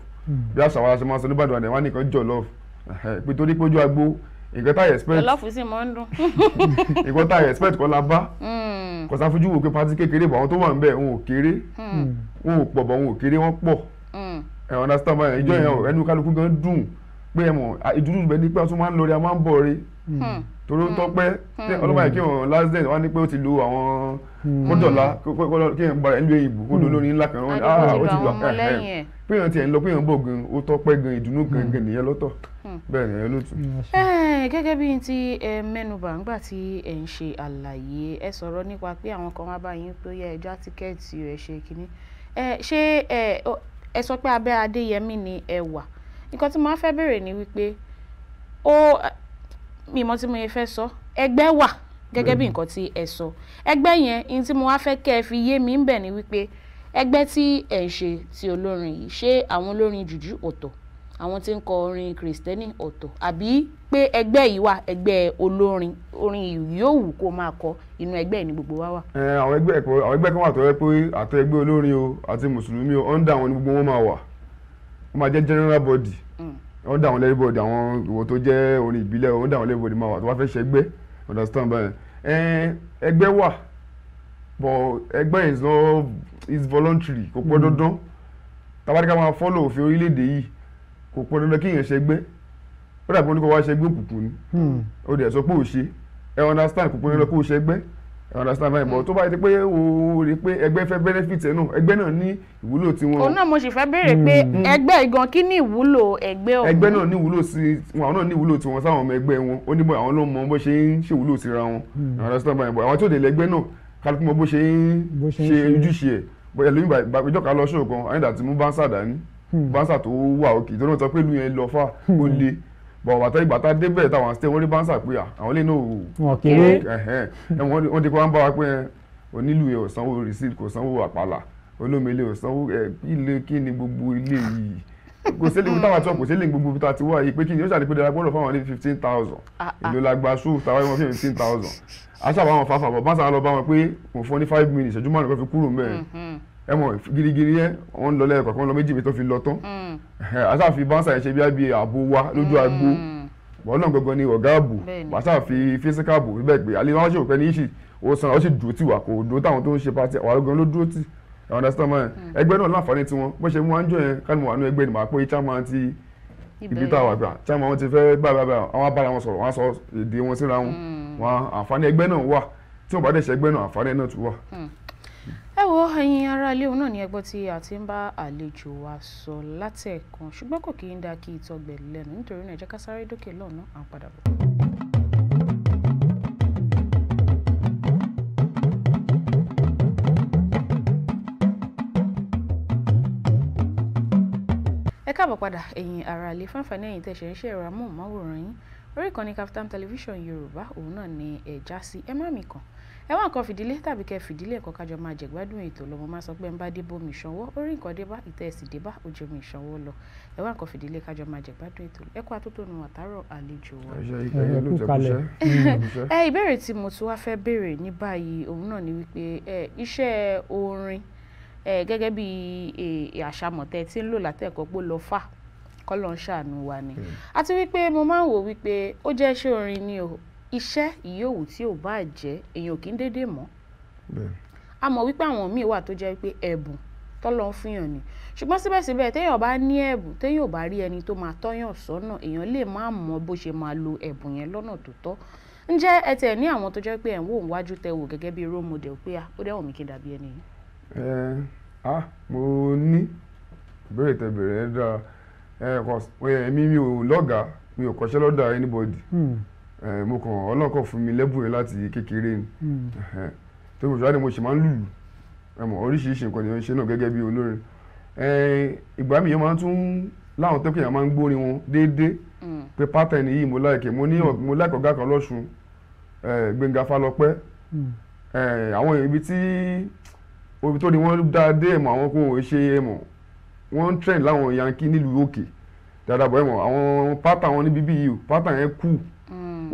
bí àṣà wa ṣe máa sọ nígbàdàn àdẹ̀wá nìkan jọ̀lọ́ọ̀fù pé torí pé ojú agbo ìgbẹ́ tá a expect lọ́fù sì mọ́ ń dùn. ìgbẹ́ tá expect kọ́ la bá hmm. kò sáfojú wò pé pati kékeré bọ̀ àwọn tó wà ń bẹ̀ wọn ò kéré hmm. Hmm. wọn ò pọ̀ bọ̀ wọn ò kéré wọn pọ̀ ẹ̀ understand my ìjọ yẹn ẹnu kálukú gan dùn pé ẹ mọ̀ ìdúró bẹ pé a máa ń lọrí a máa ń bọ̀ rí toró tó pẹ́ ọlọ́pàá yìí kí wọn last day wọ́n ní pé ó ti lu àwọn hmm. kódọ̀lá kí wọn gbára ìlú èyìnbó kó ló hmm. lórí ńlá kan wọn ni ah ó ti lu àkàn eh, eh. ẹ̀ pé èèyàn tiẹ̀ ń lọ pé èèyàn bọ̀ gan ó tọ́ pẹ́ gan ìdùnnú hmm. gan gan nìyẹn lọ́tọ̀ bẹ́ẹ̀ nìyẹn ló tù. Eh, gẹ́gẹ́ bí ti mẹ́nubà ńgbà tí ẹ̀ ń ṣe àlàyé ẹ sọ̀rọ̀ nípa pé àwọn kan wá bá yín pé ó yẹ ẹja tíkẹ́ẹ̀tì rẹ̀ ṣe kínní ṣé ẹ sọ pé abẹ́ Adéyẹmí ni ẹ wà nǹkan tí mo fẹ́ béèrè ni wípé ó mi mọ̀ tí mo yẹ fẹ́ sọ ẹgbẹ́ wà gẹ́gẹ́ bí hmm. nǹkan tí ẹ sọ ẹgbẹ́ yẹn ní tí mo wá fẹ́ kẹ́ ẹ fi yé mi ń bẹ̀ ni wípé ẹgbẹ́ tí ẹ ń ṣe ti olórin yìí ṣé àwọn olórin jùjú ọ̀tọ̀ àwọn tí ń kọ orin kìrìsìtẹ́nì ọ̀tọ̀ àbí pé ẹgbẹ́ yìí wà ẹgbẹ́ olórin orin yòówù kó máa kọ inú ẹgbẹ́ yìí ni gbogbo wa wà. àwọn ẹgbẹ́ àwọn ẹgbẹ́ kan wà tó yẹ pé àtọ ẹgbẹ́ olórin o àti mùsùlùmí o under wọn ni gbogbo wọn máa wà wọ́n máa jẹ́ general body. Hmm wọ́n dà wọ́n lẹ́bọ̀dì àwọn ìwọ tó jẹ́ orin ìbílẹ̀ wọ́n dà wọ́n lẹ́bọ̀dì máa wà tó wá fẹ́ ṣẹgbẹ́ understand bẹ́ẹ̀ ẹgbẹ́ wà but ẹgbẹ́ is not is voluntary kò pọ́ hmm. dandan tabadika máa fọ́lọ̀ òfin orílẹ̀-èdè yìí kò pọ́ dandan kí èèyàn ṣẹgbẹ́ ó dàbí wọn ní kó wá ṣẹgbẹ́ òkùnkùn ni hmm. ó dẹ̀ sọ pé ò ṣe ẹ understand kò pọ́ dandan kó ṣẹgbẹ́ understand fine but tó bá yẹ pé o rí pé ẹgbẹ́ fẹ́ benefit ẹ̀ náà ẹgbẹ́ náà ní ìwúlò tiwọn. òun náà mo sì fẹ́ béèrè pé hmm. Hmm. ẹgbẹ́ ìgan kí ni ìwúlò ẹgbẹ́ ọ̀hún. ẹgbẹ́ náà ní ìwúlò sí wọn àwọn náà ní ìwúlò tiwọn sáwọn ọmọ ẹgbẹ́ wọn ó ní bọ́ àwọn ló mọ bó ṣe ń ṣèwúlò síra wọn hmm. understand fine but àwọn tó dé lẹ́gbẹ́ náà kálukú mọ bó ṣe ń ṣe ojúṣe ẹ̀ bóyá lóyún ìjọ ká lọ ṣòkan àyìndà tí mú bánsà dání bánsà tó wà òkè tó bọ̀ bàtà ìgbàtà débẹ̀ táwọn àti wọlé bá ń sàpéyà àwọn ilé náà wò kéré wọ́n ti kọ́ ń bá wa pé onílù yẹn ò sanwó receipt kò sanwó àpàlà olómele ò sanwó ilé kí ni gbogbo ilé yìí kò sí eléyìí táwọn àtúwọ̀ kò sí eléyìí gbogbo ibi tá ti wá yìí pé kí ni ó ṣàdìpé dára gbọ́dọ̀ fáwọn ní fifteen thousand ah, ah. èlò làgbà ṣú tàwa ìwọ̀n fún fifteen thousand aṣáà báwọn fàáfàá bọ̀ bá lọ bá wọn pé kò fún ní five minutes ìṣẹ́jú márùn-ún kan fi kúrò mẹ́rin mm-hmm ẹ mọ girigiri yẹn wọn lọ lẹ́ẹ̀kọ̀ọ̀kan wọn lọ méjì mi tó fi lọ tán àṣà mm. fi báńsà yẹn ṣe bí abi ààbò wa lójú mm. agbo wọn náà gangan ni ọ̀gá ààbò àṣà fi físíkà ààbò bíbẹ̀ pé alẹ́ wọn ṣe òpẹ́ ní ìṣì ó san ó sì dúró tì wá kò dúró táwọn tó ń ṣe pàtẹ àwọn arúgbó ló dúró tì àwọn understand mọ́ ẹ mm. ẹgbẹ́ náà láǹfààní tiwọn bó ṣe mú wá ń jọ yẹn kánú wà nú ẹgbẹ́ nìmọ̀ pé chairman ti ibi táwọn àgbà chairman wọn ti fẹ́ bá bá bá àwọn abára wọn sọ̀rọ̀ wọn sọ èdè wọn síra wọn wọn àǹfààní ẹgbẹ́ náà wà tí wọn bá dẹ̀ ṣe ẹgbẹ́ náà àǹfààní náà tún wà ẹ wo ẹ̀yin ará ilé òun náà ni ẹgbọ́n tí a ti ń bá àlejò wa sọ látẹ̀ẹ̀kan ṣùgbọ́n kò kí ń da kí ìtọ́gbẹ̀ lẹ́nu nítorí náà ẹ jẹ́ ká sáré dókè lọ́nà à káàbọ̀ padà ẹ̀yin ará ilé fáńfààní ẹ̀yin tẹ̀sẹ̀ iṣẹ́ ẹ̀rọ amóhùnmáwòrán yín orí ìkànnì Kaftan television Yorùbá òun náà ni ẹ̀já sí ẹ mi kàn ẹ wá nǹkan fìdílé tàbí kẹ́ fìdílé ẹ̀kọ́ kájọ máa jẹ̀gbádùn ètò lọ́mọ máa sọ pé ń bá dé bómi ìṣanwó orí nǹkan dé bá ìtẹ́ ẹ̀sìn dé bá ojú omi ìṣanwó lọ ẹ wá nǹkan fìdílé kájọ máa jẹ̀gbádùn ètò ẹ kú atótónu àtàrọ̀ àlejò wa. Hmm. ẹ ìbéèrè tí mo tún wá fẹ́ béèrè ní báyìí òun náà ni wípé iṣẹ́ orin gẹ́gẹ́ bí àṣàmọ̀tẹ́ tí ń lò látẹ̀kọ́ pé lọ fà kọ́ lọ́n ṣàánú wa ni hmm. àti iṣẹ́ ìyówù tí ò bá jẹ́ èèyàn kì í dédé mọ́ a mọ̀ wípé àwọn míì wà tó jẹ́ wípé ẹ̀bùn tọ́lọ́ fún yàn ni ṣùgbọ́n síbẹ̀síbẹ̀ téèyàn bá ní ẹ̀bùn téèyàn bá rí ẹni tó máa tọ́yàn sọ́nà èèyàn lè má mọ bó ṣe máa lo ẹ̀bùn yẹn lọ́nà tó tọ́ ǹjẹ́ ẹ tẹ̀ ní àwọn tó jẹ́ pé ẹ̀ ń wò ń wájú tẹ wò gẹ́gẹ́ bí role model pé ó dẹ̀ wọ̀n mi kí n dàbí ẹni yìí. ẹ á mo ní ìbéèrè tẹ bèrè dáa ẹ kọ èmi mi ò lọ́gàá mi ò kọ́ṣẹ́ lọ́dọ̀ anybody. Hmm mo kàn ọlọ́kọ̀ fún mi lẹ́bùn yẹn láti kékeré ni tó kò sáré mo ṣì máa ń lùlù ẹmọ oríṣiríṣi nǹkan ìyẹn ṣe náà gẹ́gẹ́ bí olórin ìgbà mi yẹn máa ń tún láwọn tẹ́kọ̀ yẹn máa ń gbórin wọn déédéé hmm. pé pátẹ́ẹ̀nì yìí mo láìkè mo ní hmm. mo láìkọ̀ ọ̀gá kan lọ́sùn Gbénga Fálọpẹ́ hmm. àwọn ibi tí omi tó ni wọ́n dá dé ẹ̀mọ̀ àwọn kò ṣe ẹ̀mọ̀ wọ́n ń trend láwọn Yankee nílùú òkè dáadáa bọ̀ ẹ̀mọ̀ àwọn pátá wọn ní bíbí yìí pátá yẹn kù. Cool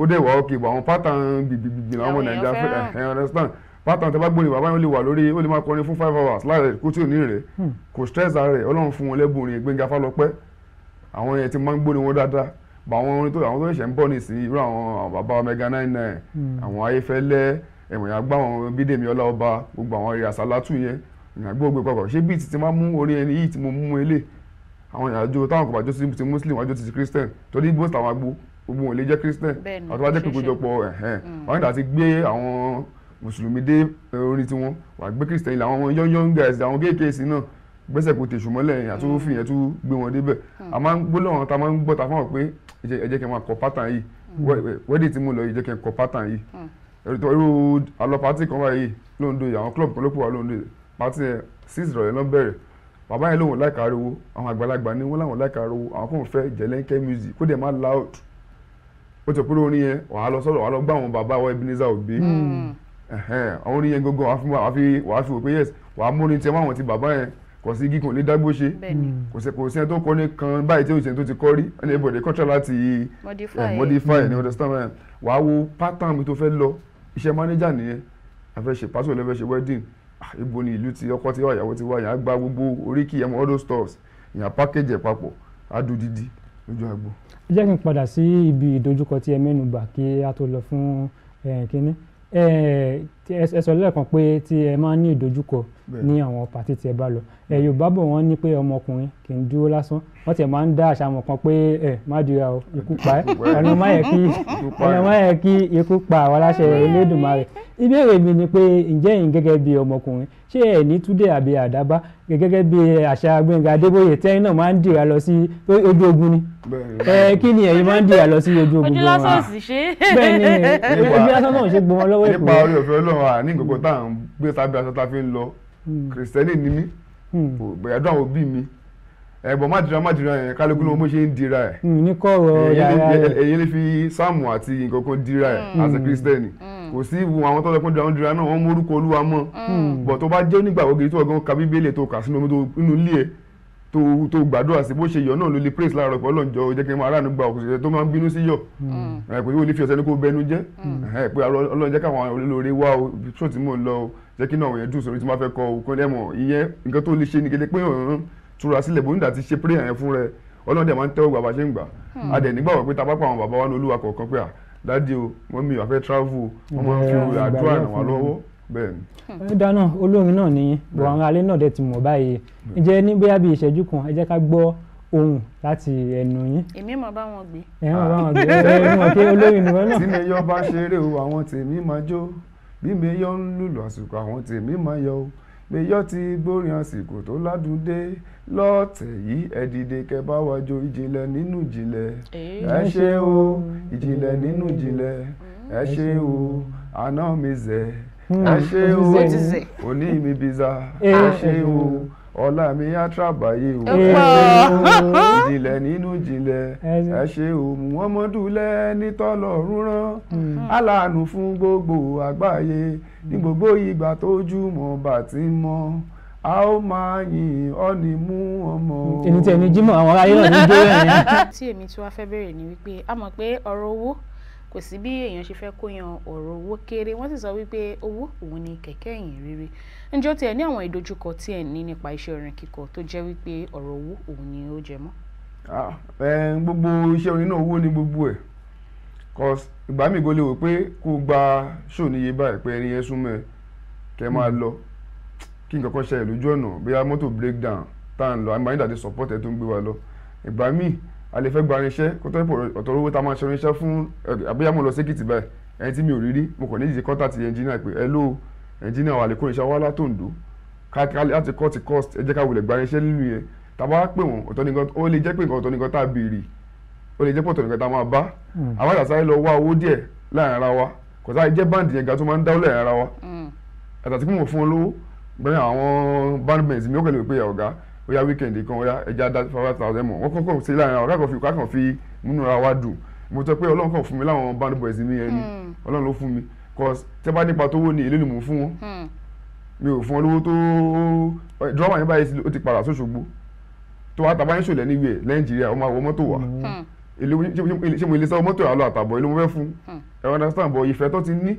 ó dẹ̀ wà ókè àwọn pátán gbìgbìgbì làwọn ọmọ nàìjíríà fẹ́ ẹ̀ understand pátán tẹ́bá gbóni bàbá yẹn lè wà lórí ó lè máa kọrin fún five hours láàrẹ̀ kó tí ò ní rẹ̀ hmm. kò stress ara rẹ̀ ọlọ́run fún wọn lẹ́bùn orin Gbẹ́ngà Fálọpẹ́ àwọn yẹn ti máa ń gbóni wọn dáadáa bá àwọn orin tó àwọn tó ṣẹ̀ṣẹ̀ ń bọ̀ nísìnyí irú àwọn bàbá mega nine nine hmm. àwọn ayéfẹ́lẹ́ ẹ̀wọ̀n yẹn àwọn bídèmí ọláọba gbogbo àwọn eré àsálátù yẹn ìyàgbọ́ ògbé papọ̀ ṣé bíi ti máa mú orin ẹni yìí tí mo mú elé àwọn ìyàjò táwọn kò bá jó ti muslim wájú ti christian torí gbóòtà wọn agbó gbogbo wọn lè jẹ́ christian àwọn tó bá jẹ́ pípéjọpọ̀ ẹ̀hẹ́n mm. wọn nígbà tí gbé àwọn mùsùlùmí dé orin tiwọn wà gbé christian ilà àwọn young young guys àwọn kéékèèsì náà gbẹ́sẹ̀ kò tèṣù mọ́lẹ̀ yẹn àti òfin yẹn tún gbé wọn débẹ̀ mm. a máa ń gbólọ̀ wọn ta máa ń gbọ́ ta fáwọn pé ẹ jẹ́ kí n máa kọ pátán yìí mm. wẹ́ẹ̀dì tí mo lọ yìí jẹ́ kí n kọ pátán yìí irú alọ pátì kan wáyé lóńdó yìí àwọn club kan ló pọ̀ wá lóńdó yìí pátì yẹn six ìrọ̀lẹ́ ló bẹ̀rẹ̀ bàbá yẹn lóhùn láìka ariwo àwọn àgbàlagbà ni wọ́n láwọn láìka ariwo àwọn kò fẹ́ jẹ̀lẹ́ńkẹ́ music kó dẹ̀ má loud ó ti pínlẹ̀ orin yẹn wàá lọ sọ́dọ̀ wàá lọ gbá àwọn bàbá wa Ebenezer Obey hmm. àwọn orin yẹn gbogbo wàá fi wàá fi wò pé yes wàá mú orin tiẹ̀ máwọn ti bàbá yẹn kò sí igi kò ní dágbó ṣe kò sí kò sí ẹni tó kọ́ ní kan báyìí tí òṣèlú tó ti kọ́ rí ẹni ìbọ̀dé kọ́tà láti modify eh, ní understand ẹ̀ wàá wo pattern mi tó fẹ́ lọ iṣẹ́ manager nìyẹn afẹ́ ṣe pásọ̀ lẹ́fẹ́ ṣe wedding ah, ibo ni ìlú ti ọkọ ti wá ìyàwó ti wá ìyàn gba gbogbo oríkì ẹ̀mọ́ all those stuffs ìyàn package ẹ̀ papọ̀ adùn dídí lójú agbo. ẹ jẹ́ kí n padà sí ibi ìdojúkọ tí ẹ mẹ́nu bà kí a tó lọ fún kínní ẹ sọ lẹ́ẹ̀kan pé tí ẹ máa ń ní ìdojúkọ ní àwọn pàtí tí ẹ bá lọ ẹ Yorùbá bọ̀ wọ́n ní pé ọmọkùnrin kì í dúró lásán wọ́n tiẹ̀ máa ń dá àṣà mọ̀ kan pé ẹ má dira o ikú pa ẹ ẹnu má yẹ kí ẹnu má yẹ kí ikú pa àwọn aláṣẹ Elédùmarè ìbéèrè mi ni pé ǹjẹ́ yìí gẹ́gẹ́ bí ọmọkùnrin ṣé ẹ ní túdé àbí àdábá gẹ́gẹ́ bí àṣà Gbẹ́ngà Adébóyè tẹ́yìn náà máa ń dira lọ sí ojú ogun ni kí ni ẹ̀yin máa ń dira lọ sí ojú ogun gan lọ́wọ́ à ní nǹkan tá à ń gbé sábẹ́ aṣọ tá a fi ń lọ hmm. kìrìsìtẹ́nì ni mí hmm. bóyá dùn àwọn òbí mi ẹ̀gbọ́n má dira má dira yẹn kálukú ló mọ ṣe ń dira ẹ̀. Hmm, ní kọ̀rọ̀ yàrá rẹ̀ èyí lè fi sáàmù àti nǹkan kan dira ẹ̀ àti kírísítẹ́nì kò sí ìwò àwọn tó lọ pé dira dira náà wọ́n mú orúkọ olúwa mọ́ bọ̀ tó bá jẹ́ onígbàgbọ́ gidi tó ọgbọ́n ka tó kà sínú omi tó inú ilé ẹ̀ tó tó gbàdúrà sí bó ṣe yọ náà ló lè praise láàárọ̀ pé ọlọ́njọ́ jẹ́ kí n máa ránu gba òkùnṣẹ́ tó máa ń bínú sí yọ mm. pé ó lè fi ọ̀sẹ̀ ní kó bẹnu jẹ́ mm. pé ọlọ́njẹ́ káwọn olóore wá o ṣó tí mò ń lọ o jẹ́ kí náà yẹn dùn sórí tí máa fẹ́ kọ òkun lẹ́mọ̀ ìyẹn nǹkan tó lè ṣe ni kété pé òun túra sílẹ̀ bóyá ti ṣe prayer yẹn fún rẹ ọlọ́dẹ máa ń tẹ́wọ́ gbà bá ṣe ń gbà á mm. dẹ̀ nígbàgbọ́ pé tapá pa àwọn bàbá wa ní o mọ́mì àfẹ́ travel ọmọ fi bẹ́ẹ̀ni. ẹ dáná olórin náà ni. bọ̀ àwọn alẹ́ náà dẹ̀ ti mọ̀ báyìí ǹjẹ́ ní bóyá bíi ìṣẹ́jú kan ẹ jẹ́ ká gbọ́ ohun láti ẹnu yín. èmi mọ bá wọn gbé. ẹ mọ bá wọn gbé ẹ mọ pé olórin nìwọ náà. tí meyọ bá ṣeré o àwọn tèmi máa jó bí meyọ ń lùlù àsìkò àwọn tèmi máa yọ o meyọ ti gbórin àsìkò tó ládùn dé lọ́ọ̀tẹ̀ yìí ẹ dìde kẹ́ ìjìnlẹ̀ nínú ìjìnlẹ̀ ẹ ṣe o ìjìnlẹ̀ nínú ìjìnlẹ̀ ẹ ṣe o àná mi zẹ̀ ẹ hmm, o òní mi bíza ẹ o ọlá mi á trabaye o ìjìnlẹ̀ nínú ìjìnlẹ̀ ẹ ṣé o muhammadu lẹ́ni tọ́lọ́run rán hmm. aláàánú fún gbogbo àgbáyé ní gbogbo ìgbà tójú mọ́ bá ti mọ́ a ó máa yìn ọ́ ní mú ọmọ. èmi tẹ̀ ní jímọ̀ àwọn aráyé náà ní gbé rẹ̀ tí èmi tí wàá fẹ́ bẹ̀rẹ̀ ni wípé a mọ̀ pé ọ̀rọ̀ owó kò sí bí èèyàn ṣe fẹ́ kó yan ọ̀rọ̀ owó kéré wọ́n sì sọ wípé owó òun ni kẹ̀kẹ́ ẹ̀yìn rere ǹjẹ́ ó tiẹ̀ ní àwọn ìdojúkọ tí ẹ̀ ní nípa iṣẹ́ orin kíkọ tó jẹ́ wípé ọ̀rọ̀ owó òun ni ó jẹ mọ́. Ah, gbogbo iṣẹ́ orin náà owó ni gbogbo ẹ̀ cause ìgbà mi gbọ́ lè wò pé kó gba ṣò níye báyìí pé ẹni yẹn súnmọ́ ẹ kẹ́ máa hmm. lọ kí nǹkan kan ṣẹlẹ̀ lójú ọ̀nà bóyá mọ́tò break down tá à ń lọ àmì a lè fẹ́ gba irinṣẹ́ kó tó pò ọ̀tọ̀ owó tá a máa ṣe irinṣẹ́ fún àbúyá mo lọ sí Èkìtì báyìí ẹni tí mi ò rí rí mo kàn ní ìdíje contact ẹnjìnìà pé ẹ ló ẹnjìnìà wà lè kó irinṣẹ́ wá látòǹdó láti cut cost ẹ jẹ́ ká wulẹ̀ gba irinṣẹ́ nínú yẹn tá a bá pè wọ́n ọ̀tọ̀ nìkan ó lè jẹ́ pé nǹkan ọ̀tọ̀ nìkan tá a béèrè ó lè jẹ́ pé ọ̀tọ̀ nìkan tá a máa bá hmm. wa kò sáà jẹ́ báǹdì yẹn ga tó máa ń dáwọ́ láàrin ara wa hmm. àtàtí pé mo fún ọ lówó gbẹ́yìn àwọn ó yá weekend kan ó yá ẹja dá five thousand mọ̀ wọ́n kọ́kọ́ ṣe láàrin ọ̀rẹ́ kan fi kọ́kàn fi múnúra wa dùn mo tọ́ pé ọlọ́run kàn fún mi láwọn band boys mi yẹn ni hmm. ọlọ́run ló fún mi cause tẹ́ bá nípa tó wó ni èlé ni mò ń fún wọn hmm. mi ò fún ọ lówó tó drama yẹn báyìí ó ti padà sóṣogbo tó wá tàbá yẹn ṣòlẹ̀ ní ìwé nàìjíríà ọmọ àwọn mọ́tò wa ṣé mo lè sọ mọ́tò àlọ́ àtàbọ̀ ilé mo fẹ́ fún hmm. ẹ understand bọ̀ ìfẹ́ tó ti ní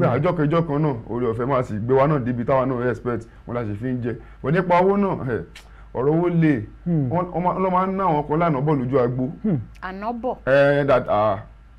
pé àjọ kẹjọ kan náà orí ọ̀fẹ́ máa sì gbé wa náà débi táwa náà expect wọn la ṣe fi ń jẹ wọn nípa owó náà eh, ọ̀rọ̀ owó lè hmm. wọ́n máa ń ná àwọn kan lánàá bọ̀ lójú agbo. Hmm. àná bọ̀. ẹ dáadáa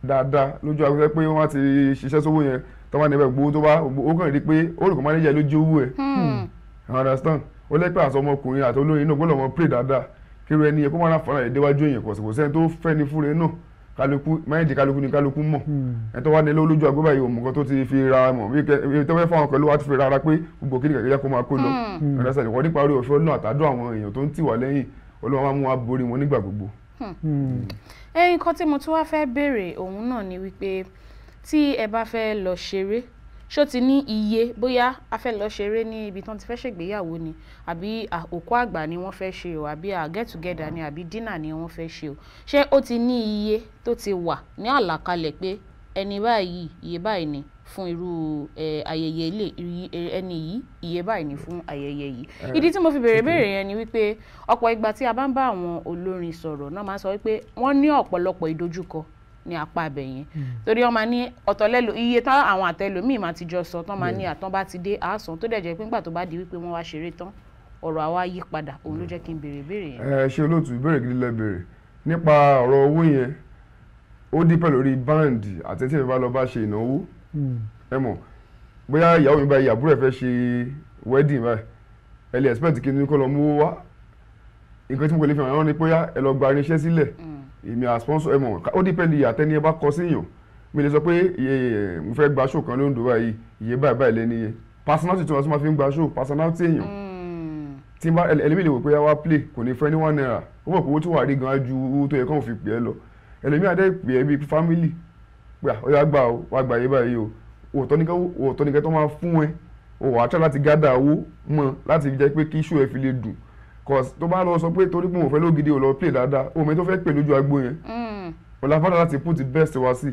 dáadáa lójú agbo pé wọ́n ti ṣiṣẹ́ sówó yẹn tó bá níbẹ̀ gbowó tó bá ó kàn rí pé ó rò kó má owó ẹ̀. Hmm. understand ó lẹ́pẹ́ àti ọmọkùnrin àti olórin náà gbọ́dọ̀ mọ pray dada kí irú ẹni yẹn kó má ra fara ẹ̀ déwájú èèyàn kọ̀sìkò sẹ́ni tó fẹ́ ni fúnra náà kálukú mẹ́rìndín kálukú ni kálukú mọ̀ hmm. ẹ tó wá nílé olójú agbóbá yìí òmùgọ̀ tó ti fi ra mọ̀ bí tó fẹ́ fáwọn pẹ̀lú wa ti fi ra ara pé gbogbo kí ni kẹ̀kẹ́ kó máa kó lọ ẹ̀rẹ́sẹ̀ hmm. hmm. ìwọ́n nípa orí òfin ọlọ́run àtàdúrà àwọn èèyàn tó ń tì wá lẹ́yìn olúwa máa mú wa borí wọn nígbà gbogbo. nǹkan tí mo tún wá fẹ́ béèrè òun náà ni wípé tí ẹ bá fẹ́ lọ ṣeré ṣó ti ní iye bóyá a fẹ́ lọ ṣeré ní ibi tí wọ́n ti fẹ́ ṣègbéyàwó ni àbí òkú àgbà ni wọ́n fẹ́ ṣe o àbí get together ni àbí dinner ni wọ́n fẹ́ ṣe o ṣé ó ti ní iye tó ti wà ní àlàkalẹ̀ pé ẹni báyìí iye báyìí ni fún irú ayẹyẹ ilé ẹni yìí iye báyìí ni fún ayẹyẹ yìí ìdí tí mo fi béèrè béèrè yẹn ni wípé ọ̀pọ̀ ìgbà tí a bá ń bá àwọn olórin sọ̀rọ̀ náà máa ń sọ wípé wọ́n ní ọ̀pọ̀lọpọ̀ ìdojúkọ ní apá abẹ yẹn hmm. torí wọn máa ní ọ̀tọ̀lẹ́lò iye tán àwọn àtẹlòmíì máa ti jọ sọ tán máa ní àtọ́n bá ti dé àásán tó dẹ̀ jẹ́ pé nígbà tó bá di wípé wọ́n wá ṣeré tán ọ̀rọ̀ àwa yí padà òun ló jẹ́ kí n béèrè ìbéèrè yẹn. ẹ ṣe olóòtú ìbéèrè gidi lẹ béèrè nípa ọ̀rọ̀ owó yẹn ó dípẹ́ lórí báǹdì àti tí ìfẹ́ bá lọ bá ṣe ìnáwó hmm. ẹ mọ̀ bóyá ìyàwó mi bá ìyàbúrò ẹ̀ fẹ́ ṣe wedding báyìí ẹ lè expect kí ni kó lọ mú wá nǹkan tí mo kò lè fi hàn án ni pé ẹ lọ gba irinṣẹ́ sílẹ̀. Hmm èmi à sponsor ẹ mọ̀ ó depend iye àtẹni ẹ bá kọ síyàn mi lè sọ pé iye mo fẹ́ gba show kan lóńdó báyìí iye báyìí báyìí lẹ́ni iye personality tí wọ́n tún máa fi ń gba show personality èèyàn hmm. tí bá ẹlẹ́mì lè wò pé yàwá play kò ní fẹ́ ní one naira ó mọ̀ pé owó tí wàá rí gan ju owó tó yẹ kàn fi pè é lọ ẹlẹ́mì adé pè é bíi family pé ó yà gbà ó wàá gbà yé báyìí o òótọ́ nìkan tó máa fún ẹ o wàá tẹ́ láti gádà owó mọ́ láti jẹ́ pé kí show ẹ fi lè dùn cause tó bá lọ sọ pé torí pé mo fẹ́ lógidì ò lọ play dáadáa omi tó fẹ́ pè lójú agbo yẹn ọ̀làfàdà hmm. láti put the best wá sí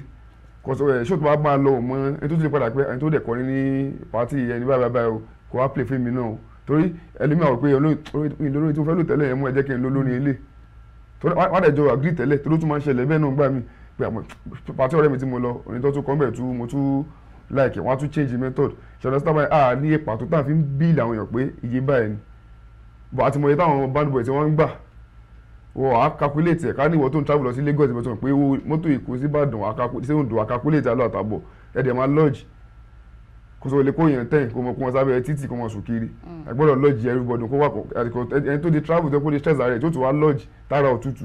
kọsọ ẹ ṣó tó bá máa lọ ò mọ ẹni tó ti padà pé ẹni tó dẹ̀ kọrin ní pàtì ẹni báyìí báyìí o kò wá play fíìmù náà o torí ẹlòmíà rò pé olórí tó fẹ́ lò tẹ́lẹ̀ yẹn mú ẹ jẹ́ kí n lo lórí ilé wọ́n dẹ̀ jọ agree tẹ́lẹ̀ tó ló tún máa ń ṣẹlẹ̀ bẹ́ẹ̀ náà gbà mí pé àmọ́ pàtí ọ̀rẹ́ mi tí mo lọ òní tó tún kọ́ bẹ̀ tún mo tún like wọ́n á tún change method ṣọlá sábà ní ipa tó tà fi ń bíìlì àwọn èèyàn pé iye báyìí ni bọ̀ àti mọ̀ye táwọn band boy tí wọ́n ń gbà wọ́n á calculate ẹ̀ ká ní ìwọ tó ń travel lọ sí Lagos ìbọn tó ń pé owó mọ́tò Èkó sí Ìbàdàn sí Oǹdó á calculate alọ́ àtàbọ̀ ẹ̀ dẹ̀ máa lodge kò sọ lè kó yẹn tẹ́yìn kó mọ kó wọn sábẹ́ títì kó mọ sùn kiri àgbọ̀dọ̀ mm. lodge everybody kó wà ẹni tó di travel tó kó di stress ààrẹ tó tún wá lodge tára òtútù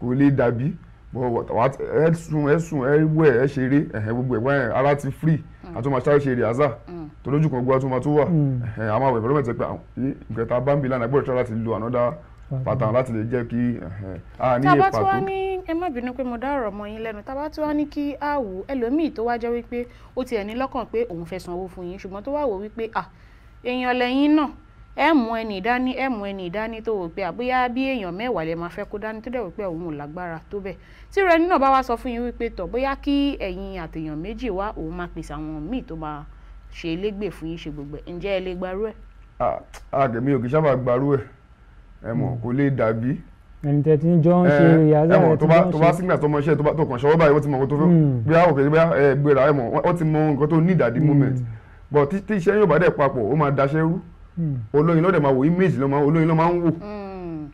kò lè dàbí ẹ sùn ẹ sùn ẹ wẹ̀ ẹ ṣeré ẹ̀hẹ̀ gbogbo ẹ̀ wẹ́n ara ti free àti mm. ọmọ sáré ṣe èrè àzà mm. tó lójú kan gbogbo àti ọmọ tó wà mm. ẹ̀hẹ̀ àwọn àwẹ̀ ìfọdọ́mẹ̀tẹ̀ pé nǹkan tá a bá ń bi lánàá gbọ́dọ̀ tí wọ́n láti lo ànádá pàtàkì láti lè jẹ́ kí a ní iye pàtó. tá a bá tí wàá ní ẹ má bínú pé mo dá ọ̀rọ̀ mọ́ yín lẹ́nu tá a bá tí wàá ní kí a wò ẹlòmíì tó wá jẹ́ wípé ó tiẹ̀ ní lọ́kàn pé òun fẹ́ sanwó fún yín ṣùgbọ́n tó wá wò wípé à èèyàn lẹ́yìn náà ẹ mú ẹni ìdání ẹ mú ẹni ìdání tó wò pé àbóyá bí èèyàn mẹ́wàá lè máa fẹ́ kó dání tó dẹ̀ wò pé òun ò lágbára tó bẹ̀ tí rẹ nínú bá wá sọ fún yín wípé tọ̀ bóyá kí ẹ̀yin àtèèyàn méjì wá òun máa pèsè àwọn míì tó máa ṣe elégbè fún yín ṣe gbogbo ẹ̀ ǹjẹ́ ẹ lè gbarú ẹ̀. àgẹ̀mí ò kì í sábà gbarú ẹ̀ ẹ mọ̀ kò lè dàbí ẹni tẹ ti ń jọ ń ṣe ìyáza ẹ ti ń jọ ń ṣe tó bá sígbà tó mọ iṣẹ́ tó kàn ṣọwọ́ báyìí hmm. wọ́n ti mọ nǹkan tó fẹ́ bí a òkè bí a gbéra ẹ mọ̀ wọ́n ti mọ nǹkan tó ní ìdàdí moment but tí iṣẹ́ yóò bá dẹ̀ papọ̀ ó máa daṣẹ́ rú Hmm. olóyin ló dẹ̀ máa wò image ló máa olóyin ló máa ń wò hmm.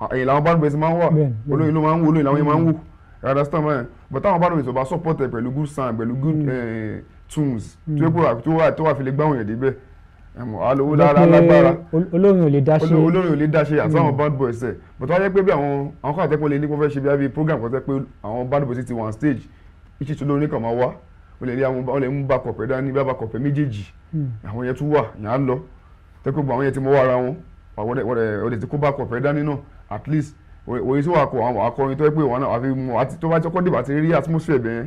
ah, ẹ̀yìn làwọn bad boys máa ń wà olóyin ló máa ń wò olóyin làwọn yẹn máa ń wò hmm. you understand man but táwọn bad boys ò bá support ẹ pẹ̀lú good sound pẹ̀lú good eh, tunes tí ó wà tó wà tó wà fi lè gbáwọn yẹn débẹ̀ alówó lára lágbára olórin ò lè dá ṣe olórin ò lè dá ṣe àti àwọn bad boys ẹ but wọ́n á jẹ́ pé bí àwọn àwọn kan àtẹ́pọ̀ lè ní kó fẹ́ ṣe bí i program kan tẹ́ pé àwọn bad boys ti wà on stage iṣẹ́ tí olórin kan máa wá ó lè mú bá kọ̀pẹ́ dání bá bá kọ̀pẹ́ méjèèjì àwọn yẹn tún wà yàn án lọ pé gbogbo àwọn yẹn ti mọ́wọ́ ara wọn ọ̀dẹ̀ tí kó bá kọ̀ fẹ́ dání náà at least òye tí wàá kọ àwọn akọrin tó yẹ pé wọn náà àfi mọ àti tó bá tí ọkọ dìbò àti rí atmosphere bẹ́ẹ̀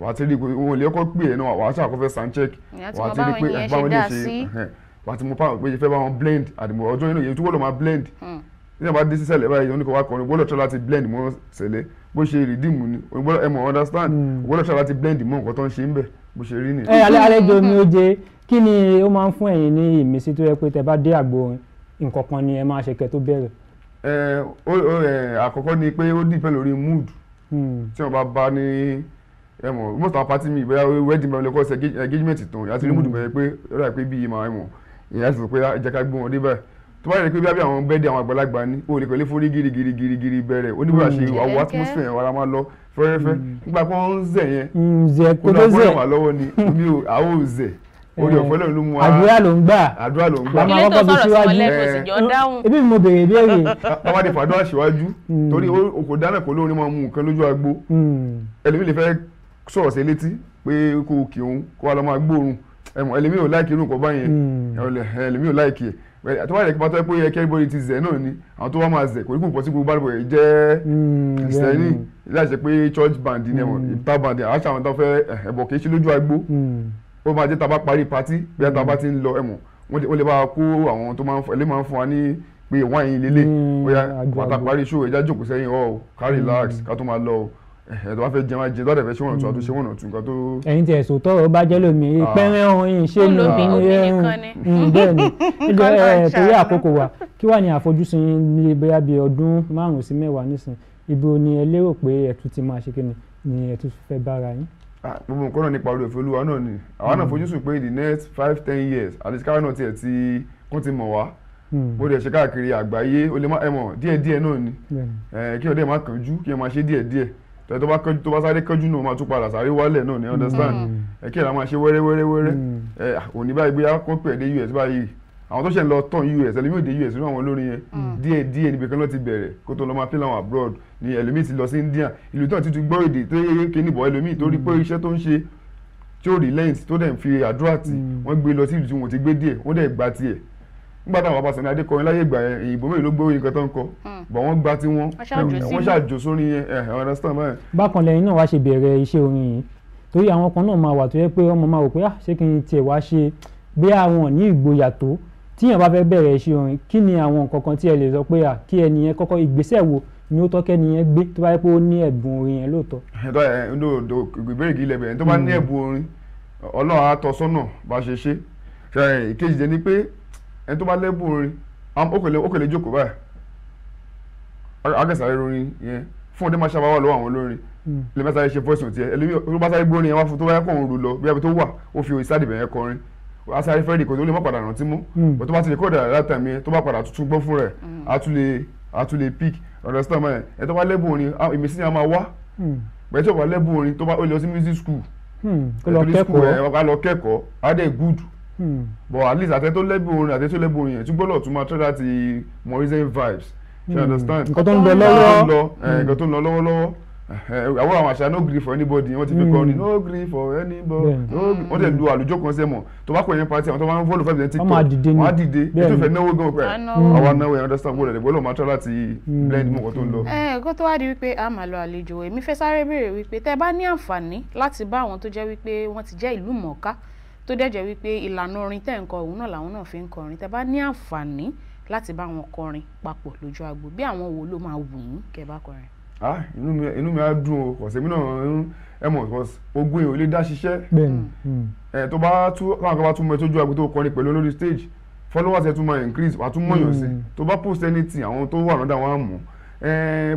wàá ti rí wọn lè ọkọ pè é náà wàá ṣàkófẹ́ sound check wàá ti rí pé ẹ bá wọn yẹn ṣe wàá ti mọ pa pé fẹ́ bá wọn blend àdìmọ̀ ọjọ́ yẹn náà yẹn tí wọ́n lọ máa blend hmm. ní ìjọba dé sísẹ̀lẹ̀ báyìí oníkọ̀ wá kọrin gbọ́dọ̀ tọ́ láti blend mọ́ sẹ̀lẹ̀ bó ṣe redeem ni ẹ mọ̀ understand gbọ́dọ̀ hmm. tọ́ láti blend mọ́ nǹkan tó ń ṣe ń bẹ̀ bó ṣe rí nìyẹn. ẹ alẹ́ alẹ́ jọ ni ó jẹ kí ni ó máa ń fún ẹ̀yin ní ìmísí tó yẹ pé tẹ bá dé àgbo nǹkan kan ni ẹ máa ṣe kẹ́ tó bẹ̀rẹ̀. ẹ ó ẹ àkọ́kọ́ ni pé ó dìpẹ́ lórí mood hmm. tí wọ́n bá bá ní ẹ most of party mi ìbẹ́yà wedding bẹ́ẹ̀ lọ́kọ́ ṣe engagement tán àti rí mood hmm. bẹ́ẹ̀ pé ó rà pé bí ìmọ̀ ẹ mọ̀ ìyá sì sọ pé ah, ẹ jẹ́ ká gbé wọn débẹ̀ tó bá yẹ pé bí àwọn bẹ́ẹ̀dì àwọn àgbàlagbà ní o lè pẹ̀lú forí girigirigiri bẹ̀rẹ̀ oníbàrà ṣe àwọ̀ atmosphere yẹn wàrà máa lọ fẹ́rẹ́fẹ́ hmm. nígbà pé wọ́n ń zẹ̀ yẹn kó lọ́ọ́ bọ́ ìwà lọ́wọ́ ni mi ò àwọn ò zẹ̀ orí ọ̀fẹ́ eh, ló ń mú wa àdúrà ló ń gbà àdúrà ló ń gbà ilé tó sọ̀rọ̀ sí wọn lẹ́kọ̀ọ́ eh, mo béèrè béèrè. bàbá ti fàdúrà síwájú hmm. torí òkò dáná kò lóorin máa mú nǹkan lójú agbo hmm. ẹlòmíì lè fẹ́ sọ̀rọ̀ sí létí pé kò kì òun kó wa lọ máa gbóòórùn ẹmọ ẹlòmíì ò láìkì irú nǹkan báyẹn hmm. ẹlòmíì ò láìkì ẹ àti wáyé pátá pé ẹ kẹ́rìbọ́dì ti zẹ̀ náà ni àwọn tó wá máa zẹ̀ kò ní kò pọ̀ sí gbogbo bá jẹ́ kìrìsìtẹ́nì láti ṣe pé church band ni ẹ̀wọ̀n ìta band àti àwọn tó fẹ́ eh, ẹ̀bọ̀ kì í ṣe lójú agbo ó máa jẹ́ tá a bá parí patí bí tá a bá ti ń lọ ẹ̀mọ̀ wọ́n lè bá a kó àwọn tó máa ń fọ ẹlẹ́ máa ń fún wa ní pé wáìnì lélẹ̀ ó yá pàtà parí ṣó ẹja jókòó sẹ́yìn ọ̀ ká hmm. relax ká tó máa lọ o ẹ̀ tó bá fẹ́ jẹ máa jẹ lọ́dẹ̀ fẹ́ ṣé wọ́n tún àtúnṣe wọ́n tún nǹkan tó. ẹ̀yin tí ẹ̀sùn tọrọ bá jẹ́ lómi ah. pẹ́rẹ́ ọ̀hún yìí ṣé mi ah, hmm, bẹ́ẹ̀ ni eh, torí àkókò wa kí wàá ní ni ẹ lérò ni Ah, gbogbo nǹkan náà nípa orí òfin olúwa náà ni àwa náà hmm. fojú sùn pé in the next five ten years àti káwọn náà tiẹ̀ ti kún ti mọ̀ wá hmm. bó dẹ̀ ṣe káàkiri àgbáyé o lè má ẹ mọ̀ díẹ̀díẹ̀ náà ni kí ọ̀dẹ̀ má kánjú kí ẹ máa ṣe díẹ̀díẹ̀ tẹ̀ tó bá kánjú tó bá sáré kánjú náà máa tún padà sáré wálẹ̀ náà ni understand hmm. kí ẹ̀ la máa ṣe wẹ́rẹ́wẹ́rẹ́wẹ́rẹ́ òní báyìí gbé akọ́pẹ̀ẹ́dẹ́ us báyìí àwọn tó ṣẹ̀ ń lọ tán US ẹlòmíì ò US nínú àwọn olórin yẹn mm. díẹ̀ díẹ̀ níbi kan ló ti bẹ̀rẹ̀ kó tó lọ máa play àwọn abroad ni ẹlòmíì ti lọ sí India ìlú tó ti tún gbọ́ èdè tó yẹ kéènì bọ̀ ẹlòmíì tó rí pé mm. iṣẹ́ tó ń ṣe tí ó rí lẹ́yìn tó dẹ̀ ń fi àdúrà tì mm. wọ́n gbé lọ sí ìlú tí wọ́n ti gbé díẹ̀ wọ́n dẹ̀ gba tiẹ̀ nígbà táwọn Ọbasanmi Adékọ̀wé láyé ìgbà yẹn ìbò mélòó ló gbówó nǹkan tó ń kọ bọ̀ wọ́n gba tí wọ́n wọ́n ṣàjò sórí yẹn ẹ̀ ẹ̀ understand báyẹn. bákan lẹ́yìn náà wá ṣe bẹ̀rẹ̀ iṣẹ́ orin yìí torí àwọn kan náà máa wà tó yẹ pé ọmọ máa wò pé ah, ṣé kí n tiẹ̀ wá ṣe bí àwọn ò ní ìgboyà tó tíyàn bá fẹ́ bẹ̀rẹ̀ iṣẹ́ orin kí ni àwọn nǹkan kan tí ẹ lè sọ pé à kí ẹni yẹn kọ́kọ́ ìgbésẹ̀ wo ni ó tọ́kẹ́ ni yẹn gbé tó bá yẹ pé ó ní ẹ̀bùn orin yẹn lóòótọ́. ẹ̀tọ́ ẹ̀ ń do ìbéèrè kìí lẹ́bẹ̀ẹ́ tó bá ní hmm. ẹ̀bùn orin ọlọ́run á tọ́ sọ́nà bá ṣe ṣe ìkejì jẹ́ ni pé ẹni tó bá lẹ́bùn orin ó kò jókòó báyìí akẹ́sàárẹ̀ orin yẹn fún ọdẹ asáré fẹ́ẹ́ rìkọ́ tó lè mọ́ padà rántí mú hmm. but tó bá ti lè kóòdà látà mi tó bá padà tuntun gbọ́ fún rẹ̀ á hmm. tún lè á tún lè understand mọ́ ẹ̀ ẹ̀ tó bá lẹ́bùn orin ìmísí ni a máa wá pẹ̀lú hmm. tó bá lẹ́bùn orin tó bá ó lọ sí music school ẹ̀ lọ kẹ́kọ̀ọ́ á dẹ̀ good but at least àtẹ́tó lẹ́bùn orin àtẹ́tó lẹ́bùn orin yẹn tún gbọ́dọ̀ tún máa try that eh, mọ reason vibes you understand nǹkan tó ń lọ lọ́wọ́ eh, nǹkan tó ń lọ àwọn àwọn àṣà no gree for anybody wọ́n ti fi hmm. kọrin no gree for anybody wọ́n tẹ̀ lu àlùjọ kan sẹ́mọ̀ tó bá kọ ẹ̀yẹn pàtì àwọn tó máa ń fọ́lù fẹ́ẹ̀ tiktok wọ́n á dìde wọ́n á dìde ètò ìfẹ́ náwó gan pẹ́ àwọn anáwó yẹn understand gbọ́dọ̀ ẹ̀dẹ̀gbọ́dọ̀ máa tọ́ láti hmm. blend mú nǹkan tó ń lọ. ẹ kó tó wá di wípé a máa lọ àlejò èmi fẹ́ sáré béèrè wípé tẹ́ bá ní àǹfààní láti bá àwọn tó jẹ́ wípé wọ́n ti jẹ́ ìlú mọ̀ọ́ká tó dẹ̀ jẹ́ wípé ìlànà orin tẹ̀ ń kọ òun náà làwọn náà fi ń kọrin tẹ́ bá ní àǹfààní láti bá wọn kọrin papọ̀ lójú agbo bí àwọn wo ló máa wù yín kẹ́ bá kọrin ah inú mi inú mi á dùn o ọ̀sẹ̀ mi náà ń ẹ mọ̀ ogun èèyàn lè dá ṣiṣẹ́ hmm. ẹ tó bá tú káwọn kan bá tún mọ ètò ojú agbo tó kọrin pẹ̀lú lórí stage followers ẹ tún máa increase wàá tún mọ̀yàn sí hmm. tó bá post anything àwọn tó wà lọ́dà wọn á mọ̀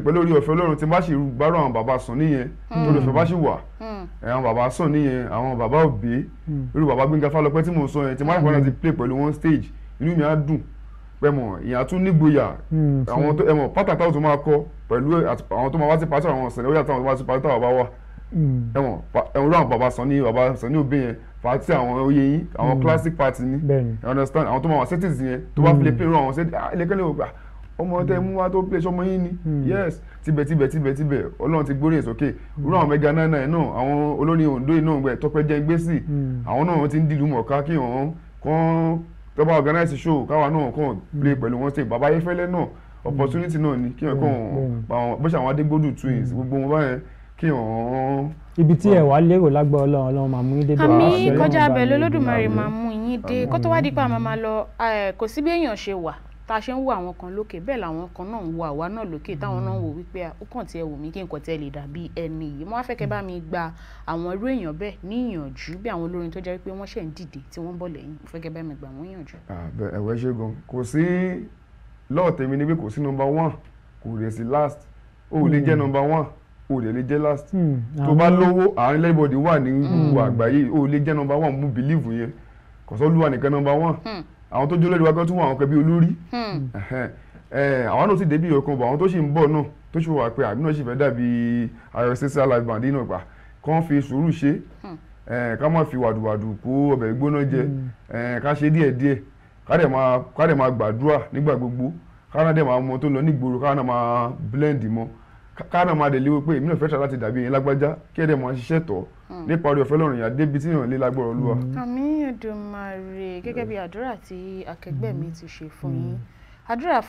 pẹ̀lú orí ọ̀fẹ́ ọlọ́run tí n bá ṣe bárò àwọn bàbá sàn nìyẹn hmm. tó lè fẹ́ bá ṣe wà àwọn bàbá sàn nìyẹn àwọn bàbá òbí irú bàbá Gbénga Fálọpẹ́ tí mò ń sọ yẹn tí n bá rà pàdánù ti play pẹ̀lú one stage inú mi á dùn pẹ̀mọ̀ ìyàn tún nígboyà hmm, àwọn tó ẹ̀mọ̀ pátá táwọn tó máa kọ pẹ̀lú àwọn tó máa wá sí pátá àwọn ọ̀sẹ̀ lóyà táwọn tó wá sí pátá hmm. bàbá wa ẹ̀mọ̀ ẹ̀mọ̀ ráwọn bàbá Sànní bàbá Sànní Òbí yẹn pàtí àwọn oyè yín àwọn hmm. classic party ní understand àwọn tó máa wà settings yẹn tó bá fi lè pín irú àwọn ṣẹ́tì ah, ẹlẹ́kẹ́lẹ́ ògbà ọmọ tẹ mú wá tó play sọmọ yín ni yes tibẹ̀ tibẹ̀ tibẹ̀ tibẹ̀ ọlọ́run ti gbórí èsókè irú àwọn mega nine nine náà àwọn olórin Ondo yìí náà gbẹ Tọ́pẹ́ Jẹ́ngbésì àwọn náà ti ń dìlú mọ̀ọ́ká kí wọ́n kàn kọ́ bá organize show káwa náà kàn play pẹ̀lú wọn stage bàbá ayéfẹ́lẹ́ náà opportunity náà ni kí wọn kàn mm-hmm. bó ṣe àwọn adégbòdù twins gbogbo wọn báyẹn kí wọn. ibi tí ẹ wá lérò lágbọ́ ọlọ́run ọlọ́run máa yín dé. àmì kọjá abẹ lolódùmarè máa mú yín dé kó tó wá dípò àmọ́ máa lọ kò sí bí èèyàn ṣe wà tá a ṣe ń wo àwọn kan lókè bẹ́ẹ̀ làwọn kan náà ń wo àwa náà lókè táwọn náà ń wo wípé ó kàn tiẹ̀ wò mí kí n kàn tiẹ̀ lè dàbí ẹni yìí mo wá fẹ́ kẹ́ bá mi gba àwọn irú èèyàn bẹ́ẹ̀ ní ìyànjú bí àwọn olórin tó jẹ́ wípé wọ́n ṣẹ̀ ń dìde tí wọ́n bọ̀ lẹ́yìn mo fẹ́ kẹ́ bá mi gbà wọ́n yànjú. ẹ̀wẹ̀ ṣe gan kò sí lọ́ọ̀tẹ̀ mi ni kò sí number one kò rẹ̀ sí last o ò lè jẹ́ hmm. number one o ò lè jẹ́ last hmm, tó bá lówó àárín everybody wà ní gbogbo hmm. àgbáyé o ò lè jẹ́ number one mo believe yẹn kò sọ́lúwa nìkan number one àwọn tó jólórí wa gan tún wọ àwọn kan bí olórí hmm. àwọn náà sì débi ìyókùn bọ̀ àwọn tó sì ń bọ̀ náà tó sì wà pé àbí náà sì fẹ́ dàbí ayọ̀sẹ́sẹ́ live band náà gbà kán fi sùúrù ṣe hmm. ká má fi wàdùwàdù kó ọbẹ̀ gbóná jẹ hmm. ká ṣe díẹ̀díẹ̀ ká dẹ̀ máa gbàdúrà nígbà gbogbo ká náà dẹ̀ máa mọ tó lọ nígboro ká náà máa blend mọ́ káàmì máa dẹ̀ léwu pé èmi náà fẹ́ tà láti dàbí yẹn lágbájá kí ẹ̀dẹ̀ máa ṣiṣẹ́ tọ̀ hmm. nípa orí ọ̀fẹ́ lọ́rùn yà débi tí ìrànlẹ́ lágbára olúwa. àmì Èdùmàrè gẹ́gẹ́ bí àdúrà tí akẹgbẹ́ mi ti ṣe fún yín hmm àdúrà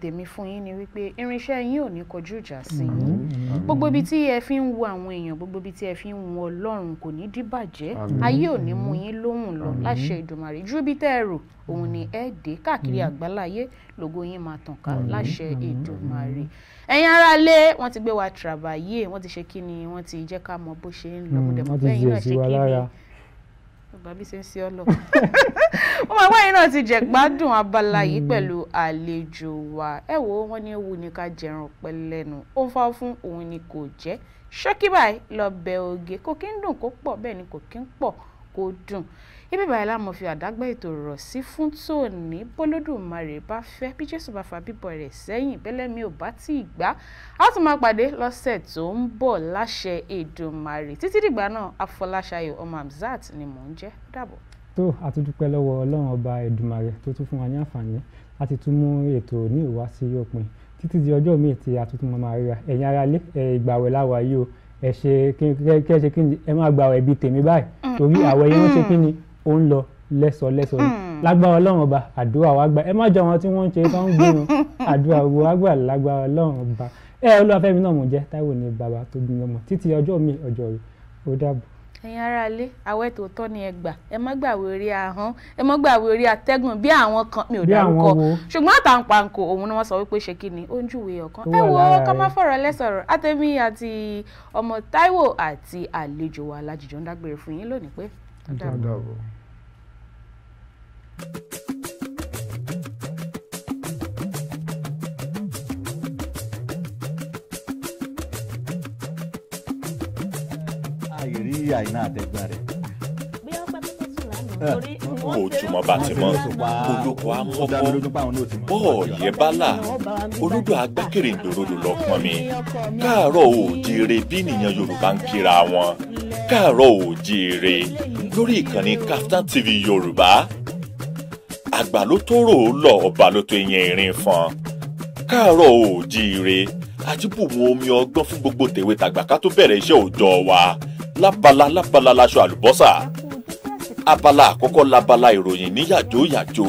tèmi fún yín ni wípé irinṣẹ́ yín ò ní kọjú ìjà sí yín mm-hmm. Mm-hmm. gbogbo ibi tí ẹ fi ń wo àwọn èèyàn gbogbo ibi tí ẹ fi ń wo ọlọ́run kò ní dìbàjẹ́ ayé ò ní mú yín lóhùn lọ láṣẹ ìdùmarè ju ibi tẹ́ ẹ rò òun ni ẹ dé káàkiri mm-hmm. àgbáláyé lògo yín máa tàn ká láṣẹ ìdùmarè ẹ̀yin aráalé wọ́n ti gbé wa tìràbàyè wọ́n ti ṣe kí ni wọ́n ti jẹ́ ká mọ bó ṣe ń lọ mo dẹ̀ mọ̀ pé ẹ̀yin náà ṣe kí ni wọ́n máa wáyé náà ti jẹ̀ gbádùn abala yìí pẹ̀lú àlejò wa ẹ wo wọ́n ní ewu ni ká jẹran pẹ́ lẹ́nu ó ń fa fún òun ni kò jẹ́ ṣókí báyìí lọ bẹ oge kò kí ń dùn kó pọ̀ bẹ́ẹ̀ ni kò kí ń pọ̀ kó dùn ibi báyìí la mọ̀ fi àdágbà ètò rọ̀ sí fún tòní bólódùmarè bá fẹ́ bí jésù bá fa bíbọ̀ rẹ̀ sẹ́yìn mi ò bá tí ì gbá a tún máa pàdé lọ́sẹ̀ tó ń bọ̀ láṣẹ Èdùmarè títí dìgbà náà Afọláṣayọ̀ ọmọ Hamzat ni mò ń jẹ́ dàbọ̀ tó àtúndúpẹ́ lọ́wọ́ ọlọ́run ọba Èdùmàrè tó tún fún wa ní àǹfààní láti tún mú ètò ní ìwá sí òpin títí di ọjọ́ míì tí àtúntún mọ́ máa ríra ẹ̀yin ara lé ìgbàwẹ̀ láwa yìí o ẹ ṣe kẹ́ ẹ ṣe kí ni ẹ máa gbàwẹ̀ bíi tèmi báyìí mm-hmm. torí àwẹ̀ yìí wọ́n ṣe kí ni ó ń lọ lẹ́sọ lẹ́sọ mm-hmm. lágbára ọlọ́run ọba àdúrà wa gbà ẹ má jọ àwọn tí wọ́n ń ṣe tó ń gbìyànjú àdúrà wa gbà lágbára ọlọ́run ọba ẹ olúwàfẹ́mi náà mò ń jẹ́ Táíwò ní bàbá tó bí mi ọmọ títí ọjọ́ mi ọjọ́ rẹ̀ ó dàbọ̀ ẹ̀yin aráalé àwẹ̀ tòótọ́ ni ẹ gbà ẹ má gbàwé orí ahọ́n ẹ má gbàwé orí atẹ́gùn bí àwọn kan mi ò dárúkọ ṣùgbọ́n àtàǹpàǹkò òun ni wọ́n sọ wípé ṣe kí ni ó ń júwe ọ̀kan ẹ wo ká má fọ̀rọ̀ lẹ́sọ̀rọ̀ àtẹ̀mí àti ọmọ Táíwò àti àlejò wa lájijọ́ ń dágbére fún yín lónìí pé ó dàbọ̀. àìná àtẹ̀gbọ́n rẹ̀. bí wọ́n pẹ́ tó sùn lánàá eh. torí wọ́n ṣe é. ojúmọ́ bá ti mọ́ olùkọ́ amọ́kọ́ bọ́ọ̀yẹ bálà olódò agbákèrè ìdòròdò lọ́pọ̀ mi káàárọ̀ oòjíire bí nìyẹn Yorùbá ń kíra wọn káàárọ̀ oòjíire lórí ìkànnì Kaftan TV Yorùbá àgbà ló tó rò ó lọ ọba ló tó yẹn ìrìn fọn káàárọ̀ oòjíire àjíbùmọ̀ omi ọgbọ́n fún gbogbo tèwe tàgbà ká tó bẹ̀rẹ̀ iṣẹ́ òòjọ́ wa lábala lábala laṣọ àlùbọ́sà abala àkọ́kọ́ labala ìròyìn ní yàjóyàjó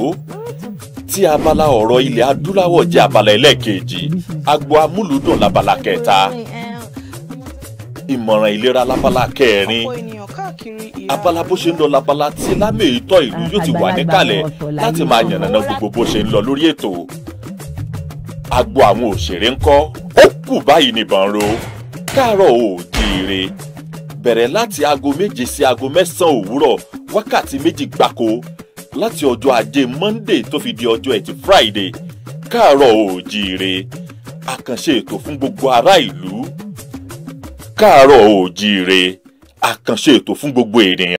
tí abala ọ̀rọ̀ ilẹ̀ adúláwọ̀ jẹ́ abala ẹlẹ́ẹ̀kejì agbo amúlùdùn labala kẹta ìmọ̀ràn ìlera labala kẹrin abala bó ṣe ń lọ labala tí lámì ìtọ́ ìlú yóò ti wà níkàlẹ̀ láti máa yànnàná gbogbo bó ṣe ń lọ lórí ètò agbo àwọn òṣèré ńkọ́ ó kù báyìí nìbọn ro káàárọ̀ oòjíire bẹ̀rẹ̀ láti aago méje sí aago mẹ́sàn-án òwúrọ̀ wákàtí méjì gbáko láti ọjọ́ ajé monday tó fi di ọjọ́ ẹtì friday káàárọ̀ oòjíire àkànṣe ètò fún gbogbo ará ìlú káàárọ̀ oòjíire àkànṣe ètò fún gbogbo ènìyàn.